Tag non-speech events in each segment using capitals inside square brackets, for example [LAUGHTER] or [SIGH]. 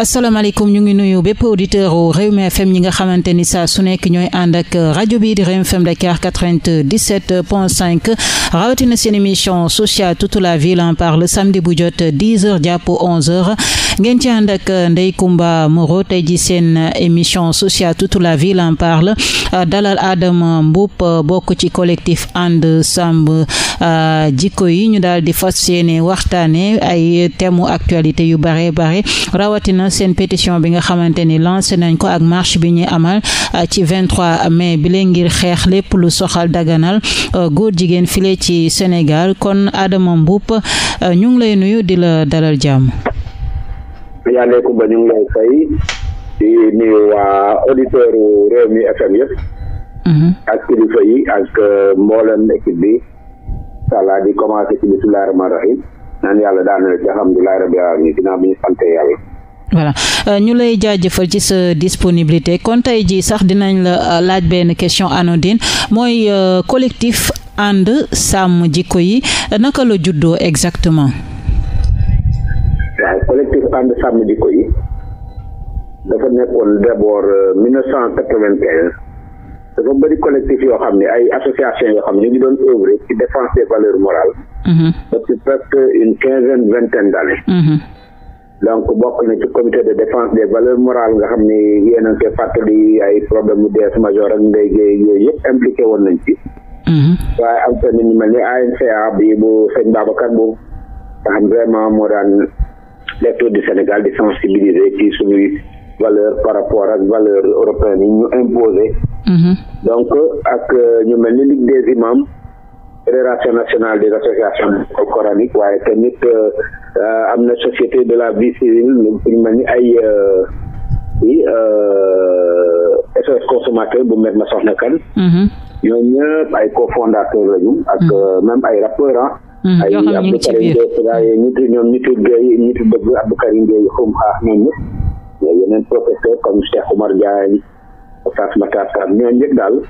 asalaamaaleykum ñu ngi nuyu bépp auditeur u FM ñi nga xamante ni saa su nekk ñooy ànd ak rajo bii di Rewmi FM Dakar 97 point 5 rawatina seen émission sociale toute la ville en parle samedi bu jot 10 heures jàpp 11 heures ngeen ci ànd ak Ndeye Comba Moreau tey ji seen émission sociale toute la ville en parle dalal Adama Mboup bokk ci collectif And samb euh, Jikko Yi ñu daal di fas yéene waxtaane ay temu actualité yu bare bare rawatina na seen pétition bi nga xamante ni lancé nañ ko ak marche bi ñuy amal euh, ci 23 mai bi leen ngir xeex lépp lu soxal daganal euh, góor jigéen file ci Sénégal kon Adama Mboup euh, ñu ngi lay nuyu di la dalal jàmm. maaleykum ba ñu ngi lay fay di nuyu waa auditeurs Rewmi FM yëpp. Mhm. ak kilifa yi ak mboolem équipe bi. sàllaa di commencé ci bismillahi rahmaani rahim naan yàlla daanaka alhamdulilah rabbil alamin ginnaaw bi ñu sante yàlla. voilà euh, ñu lay jaajëfal ci sa disponibilité kon tey jii sax dinañ la euh, laaj benn question anodine mooy euh, collectif ànd sàmm jikko yi naka la juddoo exactement. waaw collectif ànd sàmm jikko yi dafa nekkoon d'abord 1995 dafa bëri collectif yoo xam ne ay association yoo xam ne ñu ngi doon œuvrer ci défense moral valeurs morales. Mm-hmm. depuis presque une quinzaine donc bokk na ci comité de défense des valeurs morales nga xam ni yéen a ngi koy ay problème mu DS major ak ndey géey yooyu yëpp impliqué woon nañ ci. Mhm. waaye am tamit ñu mel ni ANCA bi bu sëñ Babacar boobu nga xam vraiment moo daan lecteur du Sénégal di sensibiliser ci suñuy valeur par rapport ak valeur européenne yi ñu imposé. Mhm. donc ak ñu mel ni Ligue des imams. fédération nationale des associations coraniques waaye tamit euh, am na société de la vie civile ñu mel ni ay euh, i SOS euh, consommateur bu met ma soxna kan mm-hmm. ñoo ay cofondateur lañu ak mm-hmm. même ay rappeur ah. mm-hmm. ay Abdou Karim Gueye Siraye ñitu ñoom ñitu Gueye ñitu dëgg Abdou ah, Karim Gueye xum xaax ñoom ñëpp yeneen professeur comme Cheikh Oumar Diagne Oustaz Matar Sarr ñoo ñëpp daal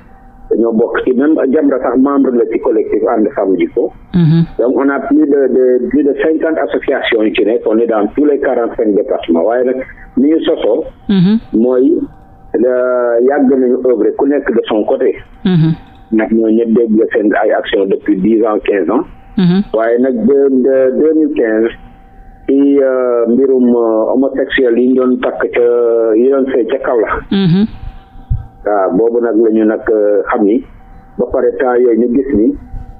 dañoo bokk ci a Jamra sax membre la ci collectif ànd sàmm jikko mhm. donc on a plus de de plus de cinquante associations yu ci nekk on est dans tous les quarante cinq départements waaye nag ni ñu sosoo mhm. mooy yàgg nañu œuvre ku nekk de son côté mhm. nag ñoo ñëpp dégg seen ay action depuis dix ans quinze ans waaye nag de deux mille quinze ci euh, mbirum euh, homosexuel yi ñu doon takk ca yi doon sëy ca kaw la waaw ah, boobu nag la ñu nag euh, xam ni ba pare temps yooyu ñu gis ni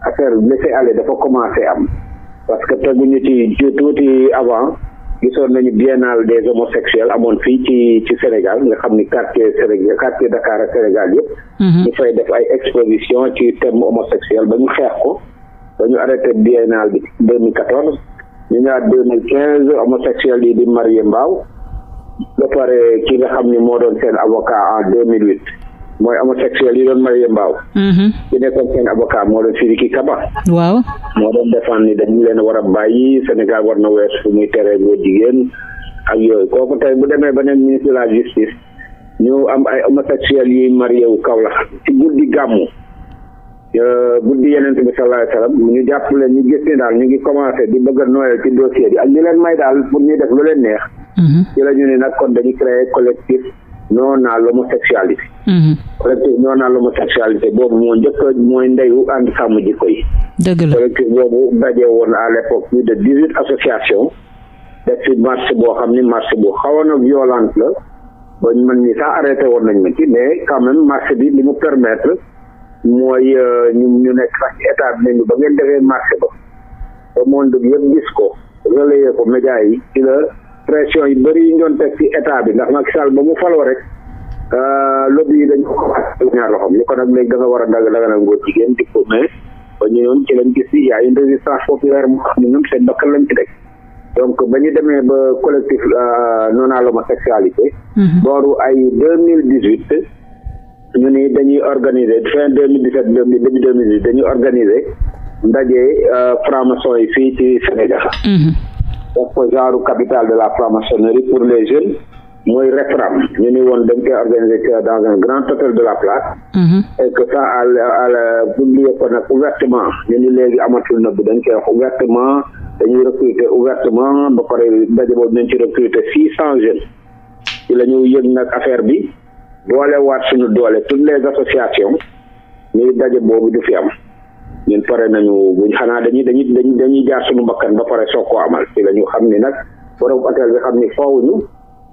affaire laisser aller dafa commencé am parce que teguñu ci tuuti avant gisoon nañu biennale des homosexuels amoon fii ci ci Sénégal nga xam ni quartier Sénégal quartier Dakar ak Sénégal yëpp. Mhm. ñu fay def ay exposition ci thème homosexuel ba ñu xeex ko ba ñu arrêté biennale bi 2014 ñu ñëwaat 2015 homosexuels yi di marié mbaaw. ba pare ki nga xam ni moo doon seen avocat en 2008 mooy homosexuel yi doon marié mbaaw mm-hmm. ki nekkoon seen avocat moo doon Sidiki Kaba waaw moo doon défendre ni dañu leen war a bàyyi Sénégal war na wees fu muy tere góor jigéen ak yooyu kooku tey bu demee beneen ministre la justice ñu am ay homosexuel yuy marié wu kaw la ci guddi gàmmu guddi yeneen bi sallallahu alayhi wasallam ñu jàpp leen ñu gis ni daal ñu ngi commencé di bëgg a noyal ci leen may daal pour lu leen neex Mm-hmm. ci la ñu ne nag kon dañu créer collectif non à l'homosexualité mm-hmm. collectif non à l'homosexualité boobu moo njëkk mooy ndeyu ànd sàmm jikko yi dëgg la collectif boobu dajee woon à l'époque plus de dix huit associations def ci marche boo xam ni marche bu xawoon a violente la ba man ni sax arrêté woon nañ ma ci mais quand bi li mu permettre mooy euh, ñu nekk sax état bi ba ngeen defee marche ba ba monde bi yëpp gis ko relayer ko médias yi pression yu bëri yi ñu doon teg ci état bi ndax Macky Sall ba mu faloo rek euh, lobby yi dañ ko ko ñaar loxoom ni ko nag léegi da war a dag daganal ngóor jigéen di ko mais ba ñu noon ci lañ gis yi ba ñu demee ba collectif euh, non à l'homosexualité mhm. booru ay deux mille dix huit ñu ni dañuy organiser fin deux mille dix sept début deux mille dix dañuy organiser ndaje euh, franc-maçon yi fii ci Sénégal mhm. def ko genre capital de la franc-maçonnerie pour les jeunes mooy REFRAM ñu ni woon dañ koy organiser dans un grand hôtel de la place mhm. et que ça à à publié ko nag ouvertement ñu ni léegi amatul na bi dañ koy wax ouvertement dañuy recruter ouvertement ba pare daje boobu nañ ci recruter six cent jeunes ci la ñu yëg nag affaire bi doole waat suñu doole toutes les associations ñuy daje boobu du fi am ñu pare nañu buñ xanaa dañuy dañuy dañuy jaar suñu bakkan ba pare soog ko amal ci la xam ni nag borom hôtel bi xam ni foowuñu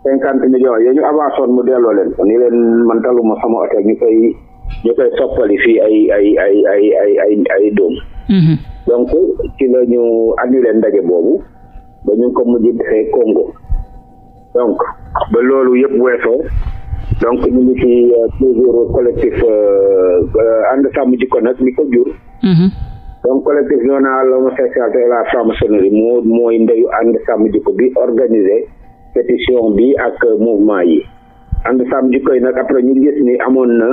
cinquante millions ñu mu delloo leen ko ni leen man taluma sama hôtel ñu koy ñu koy soppali fii ay ay ay ay ay ay ay dóom mhm. donc ci la ñu annulé ndaje boobu ba ñu ko mujj defee Congo donc ba loolu yëpp weesoo donc ñu ngi ci euh, toujours collectif euh, euh, ànd sàmm jikko nag li ko jur Mm-hmm. donc collectif national l'homosexualité et la franc-maçonnerie moo mooy ndeyu ànd sàmm jikko bi organiser pétition bi ak euh, mouvement yi ànd sàmm jikko yi nag après ñu gis ni amoon na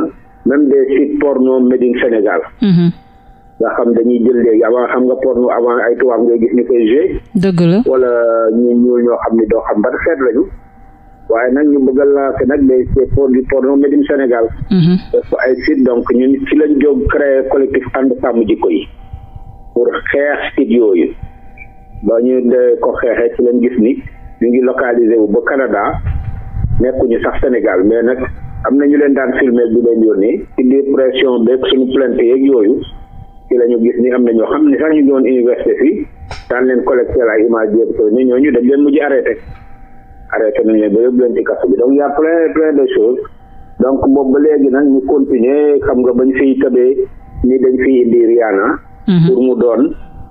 même des sites porno made in Sénégal mm-hmm. nga xam dañuy jël léegi avant xam nga porno avant ay tubaab ngay gis ni koy joué dëgg la wala ñu ñuul ñoo xam ni doo xam ban xeet lañu waaye nag ñu bëgg a lancer nag des des produits porno made in Sénégal. Mhm. def ay site donc ñun ci lañ jóg créer collectif ànd sàmm jikko yi pour xeex site yooyu ba ñu de ko xeexee ci lañ gis ni ñu ngi localisé wu ba Canada nekkuñu sax Sénégal mais nag am na ñu leen daan filmer bu leen yónnee ci dépression beeg suñu plainte yeeg yooyu. ci la ñu gis ni am na ñoo xam ne sax ñu doon université fii daan leen collecté la image yëpp ni ñu dañ leen mujj arrêté. arrêté nañ ba yóbbu leen ci bi donc y' a plein plein de choses donc boobu ba léegi nag ñu continue xam nga bañ fi tëbee ni dañ fi indi Rihanna. Mhm. pour mu doon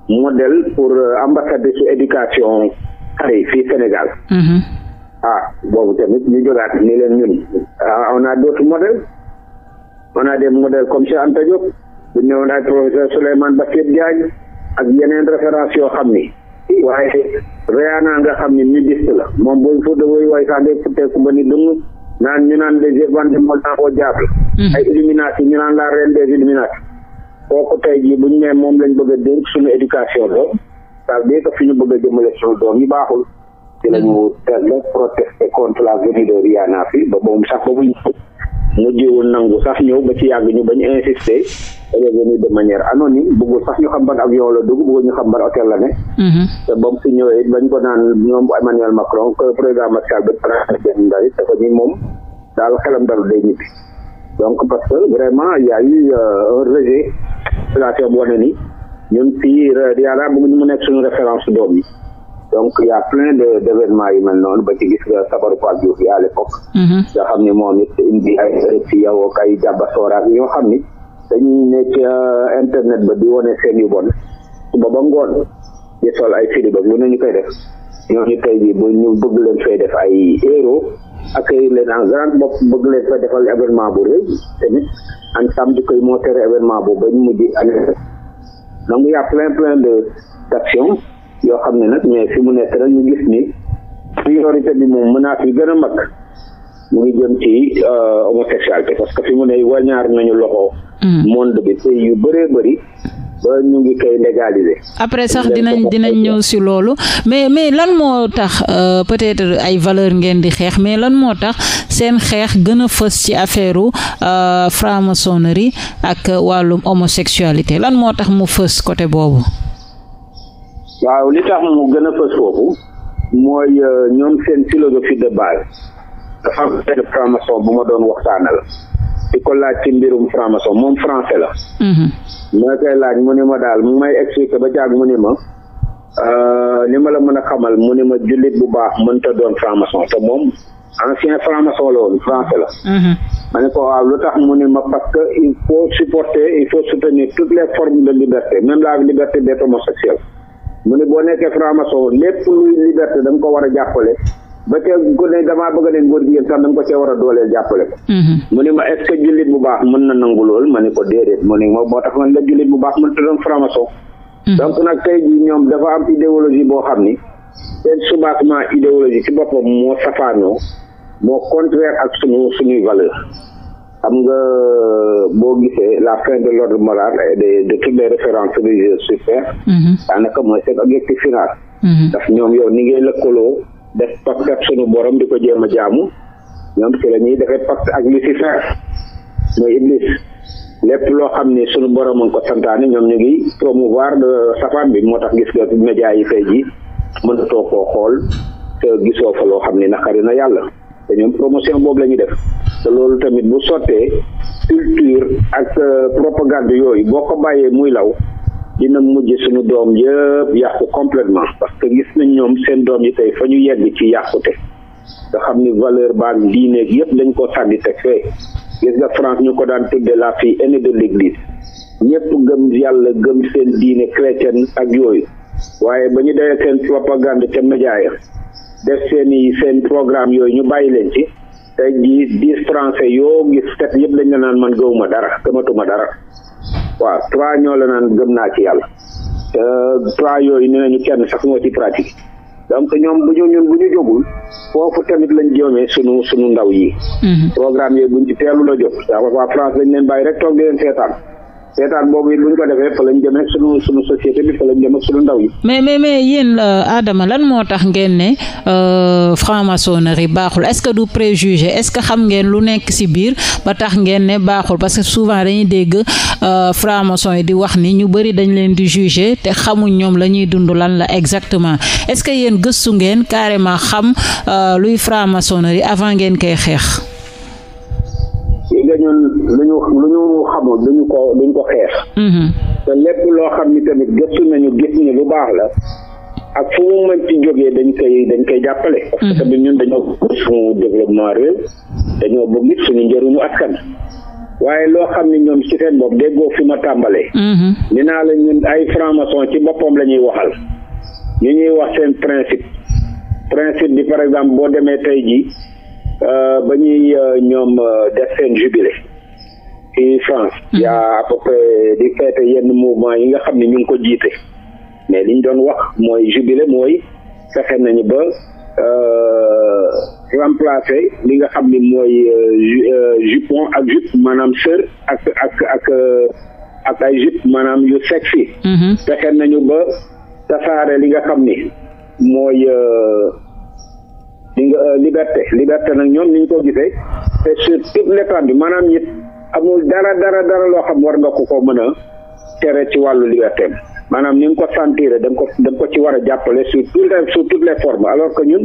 modèle pour euh, ambassadeur su éducation xale yi fii Sénégal. Mhm. ah boobu tamit ñu jógaat ni leen ñun ah, on a d'autres modèles on a de model comme Cheikh Anta Diop bu ñu ne woon ay professeur Souleymane Bachir ak yeneen référence yoo xam ni waaye Rihanna nga xam ne nudiste la moom booy photo booy waay sax day futteeku ba ni dëng naan ñu naan les éventes moo naa ko jàpp ay Illuminati ñu naan la reine des Illuminati kooku tey jii bu ñu moom lañ bëgg a dénk suñu éducation la ça veut dire ñu bëgg a jëmale suñu doom yi baaxul mm-hmm. ci la ñu teel a protester contre la venue de Rihanna fii ba moom sax ba mu mujjee nangu sax ñëw ba ci yàgg ñu bañ insister élèves yi de manière anonyme bëggul sax ñu xam ban avion la dugg bëggul ñu xam ban hôtel la ne. Mhm. te ba mu ñëwee bañ ko naan Emmanuel Macron que président Macky Sall ba traité seen ndaw it dafa ni moom daal xelam dalu day ñibbi donc parce que vraiment y a eu euh, un rejet yi. a plein mel noonu ba ci gis nga sabaru Pape Diouf yi à l' époque. Mhm. nga xam ni moom it indi ay ci yow jàbba sooraak ñoo xam ni. dañuy nekk internet ba di wane seen yu bon suba ba ngoon di sol ay fili ba lu ne ñu koy def ñooñu tey jii ba ñu bëgg leen fay def ay héros accueillir leen en grande bopp bëgg leen fa defal événement bu rëy tamit en tam di koy monter événement bu bañ mujj année donc y a plein plein de d'actions yoo xam ne nag mais fi mu nekk rek ñu gis ni priorité bi moom menace yi gën a mag mu ngi jëm ci euh, homosexualité parce que fi mu ne wañaar nañu loxo. Hmm. monde bi pays yu bëree bëri. ba ñu ngi koy légaliser. après sax dina dinañ ñëw si loolu mais mais lan moo tax euh, peut-être ay valeur ngeen di xeex mais lan moo tax seen xeex gën a fës ci affaire euh, franc-maçonnerie ak wàllum homosexualité lan moo tax mu fës côté boobu. waaw li tax mu gën a fës foofu mooy ñoom seen philosophie de base. nga xam benn franc-maçon bu ma doon waxtaanal di ko laaj ci mbirum franc-maçon moom français la mhm. ma koy laaj mu ni ma daal mu may expliquer ba jaag mu ni ma euh, li ma la mën a xamal mu ni ma jullit bu baax mënta doon franc-maçon te moom ancien franc-maçon la woon français la mhm. ma ne ko waaw lu tax mu ni ma parce que il faut supporter il faut soutenir toutes les formes de liberté même la liberté d'être homosexuel mu ni boo nekkee franc lépp luy liberté da nga ko war ba kee ku ne damaa bëgg ne góor jigéen sax da nga ko see war a dooleel jàppale ko mm-hmm. mu ne ma est jullit bu baax mën na nangu lool ma ne ko déedéet mu ne ma moo tax man la jullit bu baax mën ta doon franc-maçon mm-hmm. donc nag tey jii ñoom dafa am idéologie boo xam ni seen soubassement idéologie ci boppam moo safaanoo moo contraire ak sunu suñuy valeur xam nga euh, boo gisee la fin de l'ordre moral et de de toutes les références religieuses sur terre mm-hmm. daanaka mooy seen objectif final ndax ñoom yow ni ngay def pacte ak suñu borom di ko jéem a jaamu ñoom ci la ñuy defee pacte ak Lucifer mooy Iblis lépp loo xam ni suñu borom a ko santaane ñoom ñu ngi promouvoir de safaan bi moo tax gis nga média yi tey ji mënatoo koo xool te gisoo fa loo xam ni naqari na yàlla te ñoom promotion boobu la ñuy def te loolu tamit bu sottee culture ak euh, propagande yooyu boo ko bàyyee muy law dina mujj suñu doom yëpp yàqu complètement parce que gis nañ ñoom seen doom yi tey fa ñu yegg ci yàqute nga xam ni valeur ba baag diineeg yëpp dañ ko sànni teg fee gis nga France ñu ko daan tudde la fille aînée de l'église ñëpp gëm yàlla gëm seen diine chrétienne ak yooyu waaye ba ñu dee seen propagande ca média ya def seen i seen programme yooyu ñu bàyyi leen ci tey jii dix français yoo gis set yëpp dañ la naan man gëwuma dara gëmatuma dara waaw trois ñoo la naan naa ci yàlla te trois yooyu nee nañu kenn sax moo ci pratique donc ñoom bu ñu ñun bu ñu jógul foofu tamit lañ joomee sunu sunu ndaw yi. Mhm. programme yooyu buñ ci teelu la jóg. daa waa France dañ leen bàyyi rek toog di leen seetaan. seetaan boobu it bu ñu ko defee fa lañ jëmee sunu sunu société bi fa lañ jëm ak sunu ndaw yi. mais mais mais yéen euh, Adama lan moo tax ngeen ne euh, franc-maçonnerie baaxul est-ce que du préjugé est-ce que xam ngeen lu nekk ci biir ba tax ngeen ne baaxul parce que souvent dañuy dégg euh, franc-maçon yi di wax ni ñu bari dañ leen di juger te xamuñ ñoom la ñuy dund lan la exactement est-ce que yéen gëstu ngeen carrément xam luy franc-maçonnerie avant ngeen koy xeex. lu ñu lu ñu xamul duñu ko duñ ko xeex mm-hmm. te lépp loo xam ni tamit gëstu nañu gis ni lu baax la ak fu mu mën ci jógee dañ koy dañ koy jàppale mm-hmm. parce que bi ñun dañoo bëgg suñu développement réew dañoo bëgg it suñu njëriñu askan waaye loo xam ne ñoom ci seen bopp déggoo fi ma tàmbalee mm-hmm. ni naa la ay franc ci boppam la ñuy waxal ñu ñuy wax seen principe principe bi par exemple boo demee tey ji euh, ba ñuy euh, ñoom euh, def seen jubilé ci France. Mm-hmm. y di feete yenn mouvement yi nga xam ne ñu ngi ko jiite. mais li ñu doon wax mooy jubilé mooy fexe nañu ba euh, remplacer li nga xam ni mooy euh, euh, jupon ak jupe maanaam sër ak ak ak ak ay jupe maanaam yu sexy. Mm-hmm. fexe nañu ba tasaare li nga xam ni mooy. li nga liberté liberté nag ñoom ni ñu ko gisee c'est sur toute l'étendue maanaam it amul dara dara dara loo xam war nga ko ko mën a tere ci wàllu liberté maanaam ni nga ko sentir da ko da ko ci war a jàppale sur toutes les sur toutes formes alors que ñun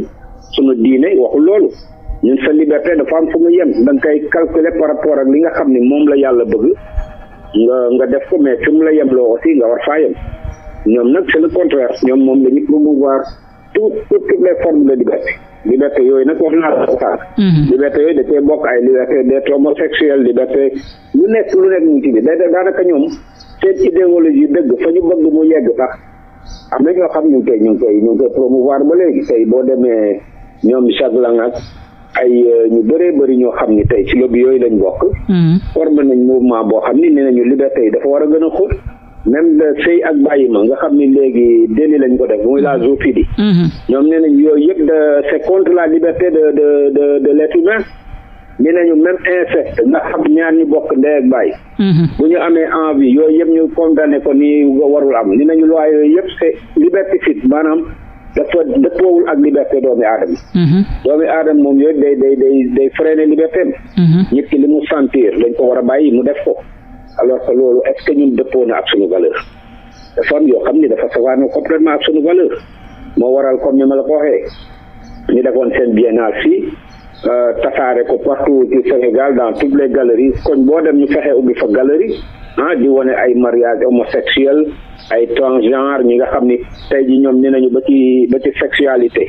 su suñu diine waxul loolu ñun sa liberté dafa am fu mu yem da nga koy calculer par rapport ak li nga xam ni moom la yàlla bëgg nga nga def ko mais fi mu la yem loo aussi nga war faa yem ñoom nag c'est le contraire ñoom moom dañuy promouvoir tout toutes les formes la liberté liberté yooyu nag wax naa ko xaar mhm. liberté yooyu da cee bokk ay liberté d'être homosexuel liberté lu nekk lu nekk ñu ci bi da daanaka ñoom seen idéologie dëgg fa ñu bëgg mu yegg sax am na ñoo xam ñu ngi koy ñu ngi koy ñu ngi ba léegi tey boo demee ñoom chaglan ak ay euh, ñu bëree bëri ñoo xam ni tey ci lobby yooyu lañ bokk mhm. formé nañ mouvement boo xam ni nee nañu liberté yi dafa war a gën a xóot même le sëy ak bàyyi ma nga xam ni léegi déli lañ ko def muy la mhm. zoophilie mhm. ñoom nee nañ yooyu yëpp de c'est contre la liberté de de de de l'être humain nee nañu même inceste nga xam ñaar ñu bokk ndey ak bàyyi mhm. bu ñu amee envie yooyu yëpp ñu condamné ko ni warul am nee nañu loi yooyu yëpp c'est liberticide maanaam dafa dëppoowul ak liberté doomi aadama doomi aadama moom yooyu day day day day freiner liberté am nit ki li mu sentir dañ ko war a bàyyi mu def ko alors que loolu est ce que ñun dëppoo ak suñu valeur dafa yoo xam ni dafa safaanoo complètement ak suñu valeur moo waral comme ñu ma la ko waxee ñu defoon seen biennale fii euh, tasaare ko partout ci Sénégal dans toutes les galeries koñ boo dem ñu fexe ubbi fa galerie ah di wane ay mariage homosexuel ay transgenre ñi nga xam ni tey ji ñoom ñu nañu ba ci ba ci sexualité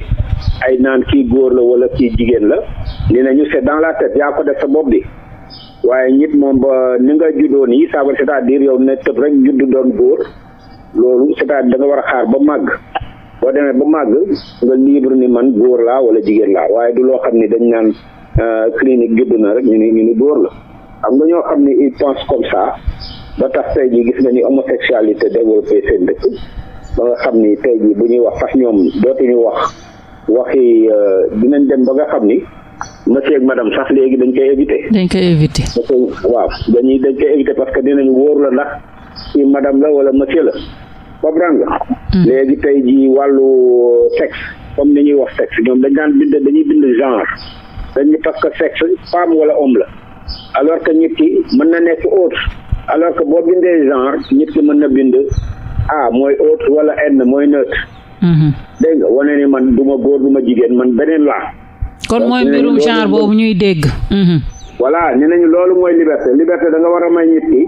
ay naan kii góor la wala kii jigéen la ne nañu c'est dans la tet yaa ko def sa bopp bi waaye nit moom ba ni nga juddoo nii ça veut c'est-à-dire yow ne tëb rek juddu doon góor loolu cest à war a xaar ba màgg boo demee ba màgg nga libre ni man góor laa wala jigéen laa waaye du loo xam ni dañ naan euh, clinique juddu na rek ñu ni ñu góor la xam nga ñoo xam ni ils pensent comme ça ba tax tey jii gis nga ni homosexualité développé seen dëkk ba nga xam ni tey bu ñuy wax sax ñoom dootuñu wax waxi euh, dinañ dem ba nga xam ni monsieur ak sax léegi dañ koy éviter. dañ koy éviter. waaw dañuy dañ koy éviter parce que dinañ wóor la ndax ci madame la wala monsieur la comprendre nga. Hmm. léegi tey ji wàllu euh, sexe comme ni ñuy wax sexe ñoom dañ daan bind dañuy bind genre dañ parce que sexe pam wala homme la alors que nit ki mën na nekk autre alors que boo bindee genre nit ki mën na bind a mooy autre wala n mooy neutre. Hmm. dégg nga wane ni man duma góor duma jigéen man beneen laa. kon mooy mbirum genre boobu ñuy dégg. Mhm. voilà nee nañu loolu mooy liberté liberté da nga war a may nit ki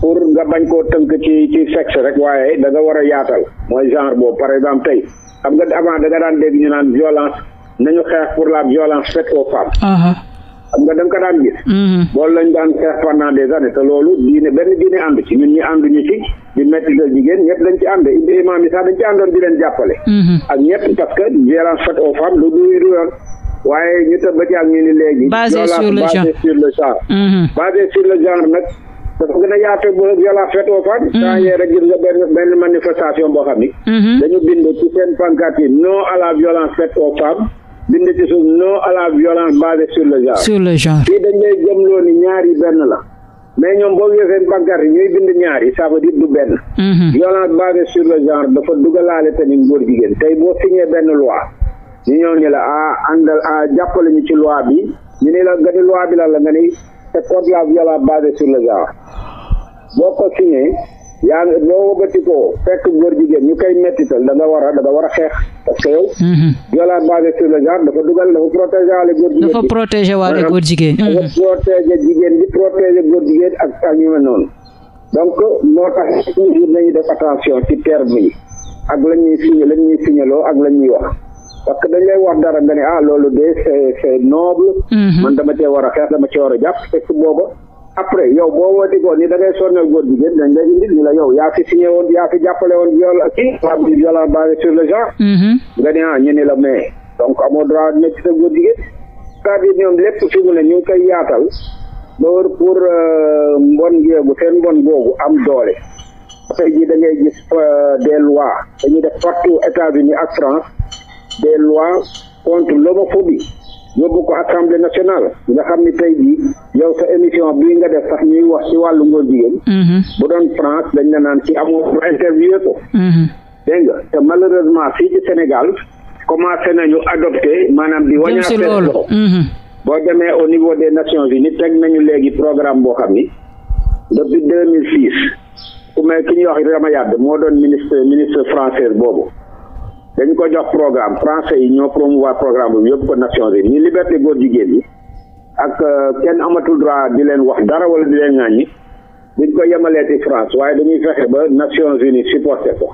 pour nga bañ koo tënk ci ci sexe rek waaye da war a yaatal mooy genre boobu par exemple tey xam nga avant da nga daan dégg ñu naan violence nañu xeex pour la violence faite aux femmes. xam nga da ko daan gis. Mhm. loolu lañ daan xeex pendant des années loolu diine benn diine ànd ci ñun ñi ànduñu ci di métti la jigéen ñëpp dañ ci ànd indi imaam yi sax dañ ci àndoon di leen jàppale. Mhm. ak ñëpp parce que violence faite aux femmes waaye ñu tëb ba ci ak ñu ni léegi. basé sur le genre basé sur le genre. basé sur le genre nag. dafa gën a yaatu ba Jolaaf fetoo fan. Mhm. saa yee rek gis nga benn benn manifestation boo xam ni. Mhm. dañu bind ci seen pancarte yi non à la violence faite aux femmes. bind ci suuf non à la violence basée sur le genre. sur le fii dañ lay jëmloo ni ñaar benn la. mais ñoom boo gisee seen pancarte yi ñuy bind ñaar yi ça du benn. Mhm. violence basée sur le genre dafa dugalaale tamit góor jigéen tey boo signé benn ñu ñëw ne la ah àndal ah jàppale ñu ci loi bi ñu ne la nga ne loi bi lan la nga ne ce la là viola basé sur le boo ko signé yaa ngi boo wëggatikoo fekk góor jigéen ñu koy mettital da war a da war a xeex parce que yow. Mm-hmm. viola basé sur le genre dafa dugal dafa protéger waale góor jigéen. dafa mm-hmm. protéger jigéen. di protéger góor jigéen ak a ñu mel noonu. donc moo tax toujours nañu def attention ci terme yi ak lañ ñuy signé lañ ñuy signéloo ak lañuy ñuy wax. parce que dañ lay wax dara nga ne ah loolu de c'est noble. Mm-hmm. man dama cee war a xeex dama cee war a jàpp te su après yow boo wootee góor ni da ngay sonnal góor jigéen dañ la yow yaa fi signé woon yaa fi jàppale woon viol kii loi bi violence basée sur le genre. Mm-hmm. nga ne ah ñu ni la mais donc amoo droit nekk ci sa góor jigéen. cest ñu ngi yaatal ba wër euh, seen mbon boobu am doole. tey jii da ngay gis euh, des lois def partout États-Unis ak France. des lois contre l'homophobie yóbbu ko assemblée nationale nga xam ni tey jii yow sa émission bii nga def sax ñuy wax ci wàllu ngóor jigéen mm-hmm. bu doon France dañ la naan ci amoo pour interviewer ko mm-hmm. dégg te malheureusement fii ci Sénégal commencé nañu adopté maanaam bi wañaa seen loxo mm-hmm. boo demee au niveau des Nations Unies teg nañu léegi programme boo xam ni depuis deux mille six ku mel ki ñuy wax Rama Yade moo doon ministre ministre français boobu dañ ko jox programme français yi ñoo promouvoir programme bi yóbbu ko Nations Unies ñu liberté góor jigéen yi ak euh, kenn amatul droit di leen wax dara wala di leen ŋàññi dañ ko yemalee ci France waaye dañuy fexe ba Nations Unies supporté ko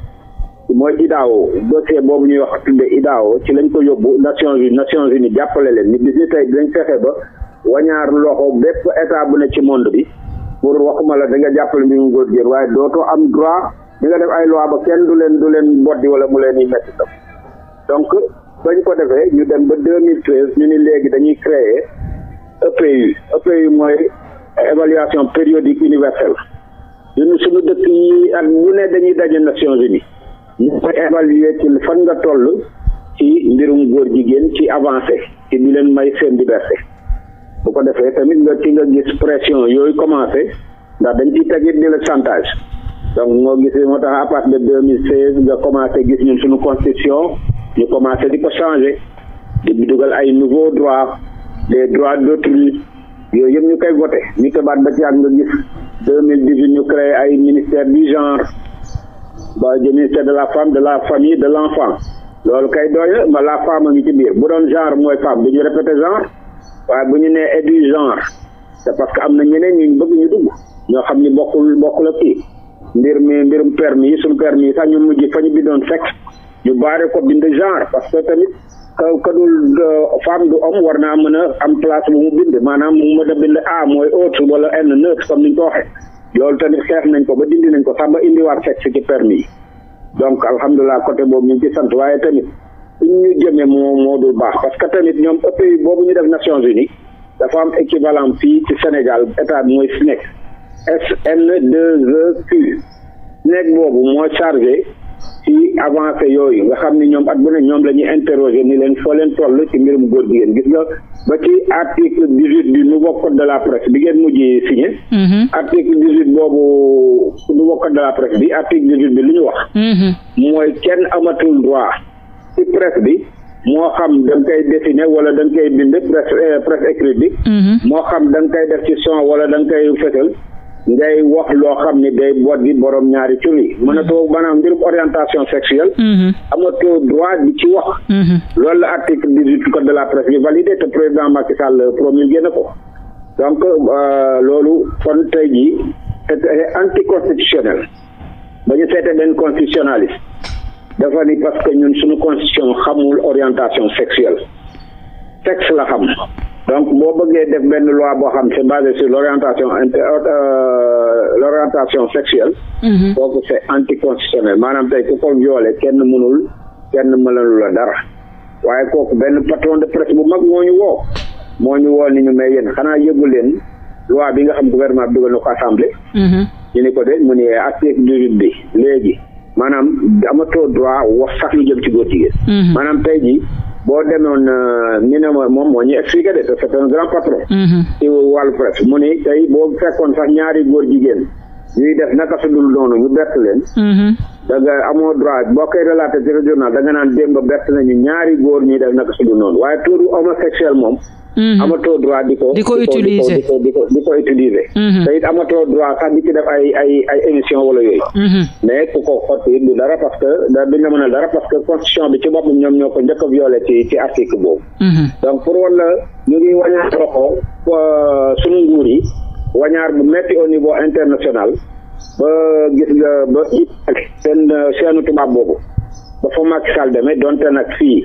mooy IDAO dossier boobu ñuy wax tudde IDAO ci lañ ko yóbbu Nations Unies Nations Unies jàppale leen ni bis ni tey dinañ fexe ba wañaar loxo bépp état bu ne ci monde bi pour waxuma la danga nga jàppale mbirum góor jigéen waaye dootoo ñu nga def ay loi ba kenn du leen du leen boddi wala mu leen yi metti tam donc bañ ko defee ñu dem ba deux mille treize ñu ni léegi dañuy créer EPU EPU mooy évaluation périodique universelle ñun suñu dëkk yi ak ñu ne dañuy daje Nations Unies ñu koy évaluer ci fan nga toll ci mbirum góor jigéen ci avancé ci di leen may seen liberté bu ko defee tamit nga ci nga gis pression yooyu commencé ndax dañ ciy tegit di la chantage donc moo gis moo tax à partir de 2016 nga commencé gis ñun suñu constitution ñu commencé di ko changé di dugal ay nouveaux droits les droits d'autrui yooyu yëpp ñu koy voté ñu tebaat ba ci ak nga gis 2018 ñu créé ay ministère du genre ba ministère de la femme de la famille de l'enfant loolu kay doy ma la femme a ngi ci biir bu doon genre mooy femme du ñu répété genre waaye bu ñu nee et du genre c'est parce que am na ñeneen ñu bëgg ñu dugg ñoo xam ni bokkul bokkul ak kii mbir mi mbirum permis yi suñu permis yi sax ñu mujj fa ñu bindoon sexe ñu baare ko bind genre parce que tamit ka ka dul euh, femme du homme war naa mën a am place bu mu bind maanaam mu mën a bind a mooy autre wala n neutre comme ni ñu ko tamit xeex nañ ko ba dindi nañ ko sax ba indiwaat sexe ci permis yi donc alhamdulilah côté boobu ñu ngi ci waaye tamit suñ moo moo baax parce que tamit ñoom ëpp yi boobu ñu def Nations Unies dafa am équivalent fii ci Sénégal état mooy SNEC SL2EQ e nekk boobu moo chargé ci avancé yooyu nga xam ni ñoom at bu ne ñoom la ñuy interroger ni leen foo leen toll ci mbirum góor jigéen gis nga ba ci article dix huit du nouveau de la presse bi ngeen mujj signé mm-hmm. article dix huit boobu nouveau code de la presse bi article dix bi lu ñu wax mm-hmm. mooy kenn amatul droit ci presse bi moo xam da nga koy dessiner wala da nga koy bind presse euh, presse écrite bi mm-hmm. moo xam da nga koy def ci son wala da nga koy fësal ngay wax loo xam ne day boot bi borom ñaari tur yi mm-hmm. mënatoo maanaam mbirum orientation sexuelle mm-hmm. amatoo droit bi ci wax mm-hmm. loolu la article dix code de la presse bi validé te président Macky Sall promulgué ko donc euh, loolu kon te jii c'est anticonstitutionnel ba ñu seete benn constitutionnaliste dafa ni parce que ñun suñu constitution xamul orientation sexuelle texte la xam donc boo bëggee def benn loi boo xam c'est basé sur l'orientation inter euh, l'orientation sexuelle mhm. kooku c'est anticonstitutionnel maanaam tey ku ko kenn mënul kenn mënalu la dara waaye kooku benn patron de presse bu mag moo ñu woo moo ñu woo ni ñu may yéen xanaa yëgu leen loi bi nga xam gouvernement bi dugal na ko assemblée mhm. ñu ni ko de mu ni article dix-huit bi léegi maanaam amatoo droit wax sax lu jëm ci góor mhm. maanaam tey ji boo demoon euh, ñu ne ma moom moo ñu expliqué de c'est un grand patron. Mm-hmm. ci wàllu presse mu ni tey boo fekkoon sax ñaari góor jigéen. ñuy def naka su dul noonu ñu bett leen. Mm-hmm. da nga amoo droit boo koy relaté ci régional da nga naan démb bett nañu ñaari góor ñuy def naka su dul noonu waaye tuuru homosexuel moom. Mm-hmm. amatoo droit di ko. di ko di ko di ko di ko utiliser. te di ko dara parce da duñ la mën a dara parce que constitution bi ci boppam ñoom ñoo ko njëkk a violé ci ci boobu. Mm-hmm. donc pour wala ñu ngi wàññeeku loxo euh, suñu nguur yi. wañaar bu metti au niveau international ba gis nga ba ak seen euh, seenu tubaab boobu ba fa Macky Sall demee donte nag fii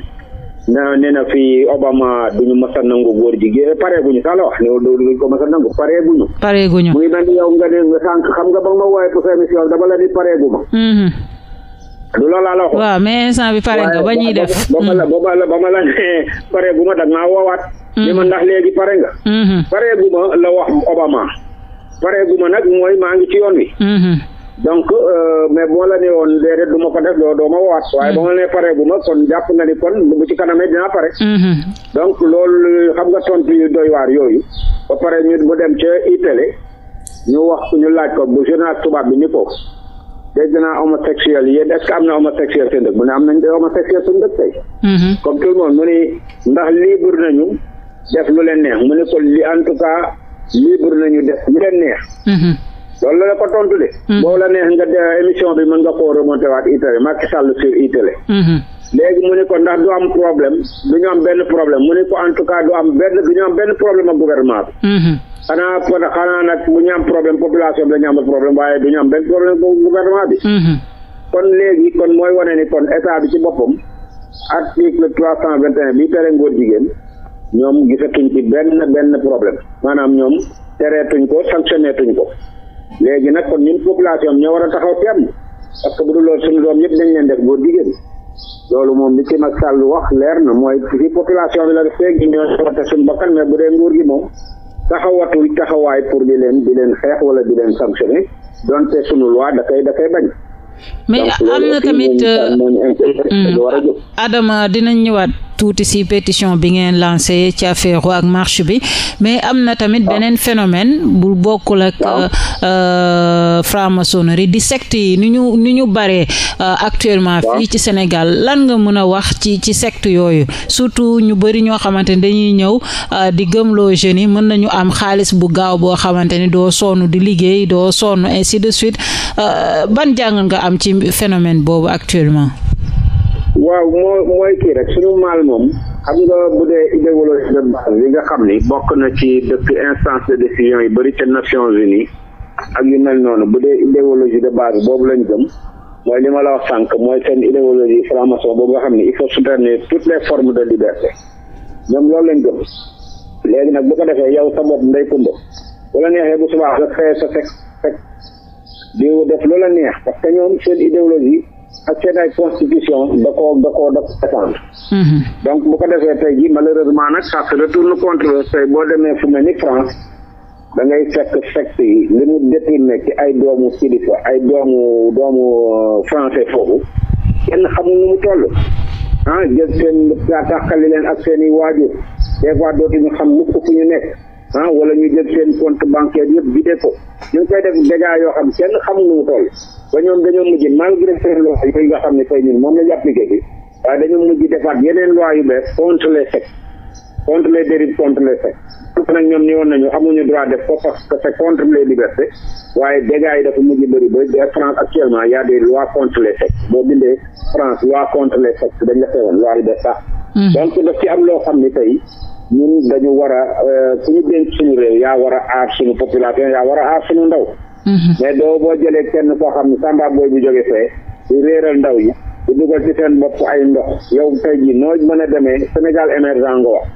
na nee na fii Obama duñu mës a nangu góor jigéen euh, pare guñu sax la ne duñ ko mës a nangu pare guñu pare guñu mu ngi mel ni nga ne sànq xam nga ba nga ma woowee pour sa dama la di pare guma mm-hmm. du loolaa la wax waaw mais instant bi pare nga ba def ba ma la mm-hmm. ba ma la ne [LAUGHS] pare guma dag maa woowaat ni ma mhm. ndax léegi pare nga. Mhm. pare gu ma la wax Obama. pare gu ma nag mooy maa ngi ci yoon wi. Mhm. donc euh, mais bu ma la nee woon déedéet du ma ko def doo doo ma waat waaye ba ma la nee pare gu ma kon jàpp nga ni kon bu ci kanamee dinaa pare. donc loolu xam nga tontu yu doy waar yooyu. ba pare ñu bu dem ca itale ñu wax ñu laaj ko bu journal tubaab bi ni ko dégg naa homosexuel yéen est ce am na homosexuel seen dëkk mu ne am nañ homosexuel seen dëkk comme tout def lu leen neex mu ne ko li en tout cas libre nañu def lu leen neex. Mhm. loolu la ko tontu de. Mhm. boo la neex nga émission bi mën nga koo remonté waat itale Macky Sall sur itale. Mhm. léegi mu ne ko ndax du am problème du ñu am benn problème mu ne ko en tout cas du am benn du ñu benn problème ak gouvernement bi. xanaa bu ñu problème population bi la ñu problème waaye du ñu benn problème ak gouvernement bi. kon léegi kon mooy wane ni kon état bi ci boppam article trois cent vingt et ñoom gisatuñ ci benn benn problème maanaam ñoom tereetuñ ko sanctionné tuñ ko léegi nag kon ñun population ñoo war a taxaw temm parce que bu dul loolu suñu doom yëpp dañ leen def boo diggéen loolu moom li ci Macky Sall wax leer na mooy ci population bi la def feeg ñoo sote suñu bakkan mais bu dee nguur gi moom taxawatul taxawaay pour di leen di leen xeex wala di leen sanctionné donte suñu loi da koy da koy bañ mais am na tamit euh, mm, Adama dinañ ñëwaat tuuti si pétition bi ngeen lancé ci affaire ak marche bi mais am na tamit beneen phénomène bu bokkul ak euh, franc-maçonnerie di secte yi ni ñu ni ñu bare euh, actuellement fii ci Sénégal lan nga mën a wax ci ci secte yooyu surtout ñu bari ñoo xamante ne dañuy ñëw euh, di gëmloo jeunes yi mën nañu am xaalis bu gaaw boo xamante ni doo sonn di liggéey doo sonn ainsi de suite ban jàng nga am ci phénomène boobu actuellement waaw moo mooy kii rek suñu maal moom xam nga bu dee idéologie de base li nga xam ni bokk na ci dëkk instance de décision yi bëri seen Nations Unies ak yu mel noonu bu dee idéologie de base boobu lañ gëm mooy li ma la wax sànq mooy seen idéologie franc-maçon boobu nga xam ni il faut soutenir toutes les formes de liberté ñoom loolu lañ gëm léegi nag bu ko defee yow sa bopp ndey kumba bu la neexee bu subaa nga xëyee sa fekk fekk di def la neex parce que ñoom seen idéologie ak seen ay constitution da koo da koo da ko défendre mm-hmm. donc bu ko defee tey ji malheureusement nag ça se retourne contre boo demee fu mel ni France da ngay fekk fekk yi li ñu ne ci ay doomu kilifa ay doomu doomu euh, français foofu kenn xamul nu mu toll ah jël seen taxali leen ak seen i waajur des fois dootuñu xam mukk fu ñu nekk ah wala ñu jël seen compte bancaire yëpp vidé ko ñu ngi koy def dégâts yoo xam kenn xamul nu ba ñoom dañoo mujj malgré seen loi yooyu nga xam ne tey ñun moom la ñu appliqué bi waaye dañoo mujj defaat yeneen loi yu bees contre les sectes contre les dérives contre les sectes parce nag ñoom ni woon nañu amuñu droit def ko parce que contre les libertés waaye dégâts yi dafa mujj bëri ba France actuellement y a des lois contre les sectes boo bindee France loi dañ la woon loi yu bees ñun dañu war a euh, ku ñu suñu réew yaa war a aar suñu population yaa war a aar suñu ndaw. Mhm. mais doo boo jëlee kenn koo xam ne Samba booy bu jógee fee di réeral ndaw yi di dugal ci seen bopp ay ndox yow tey jii noo mën a demee Sénégal émergent nga wax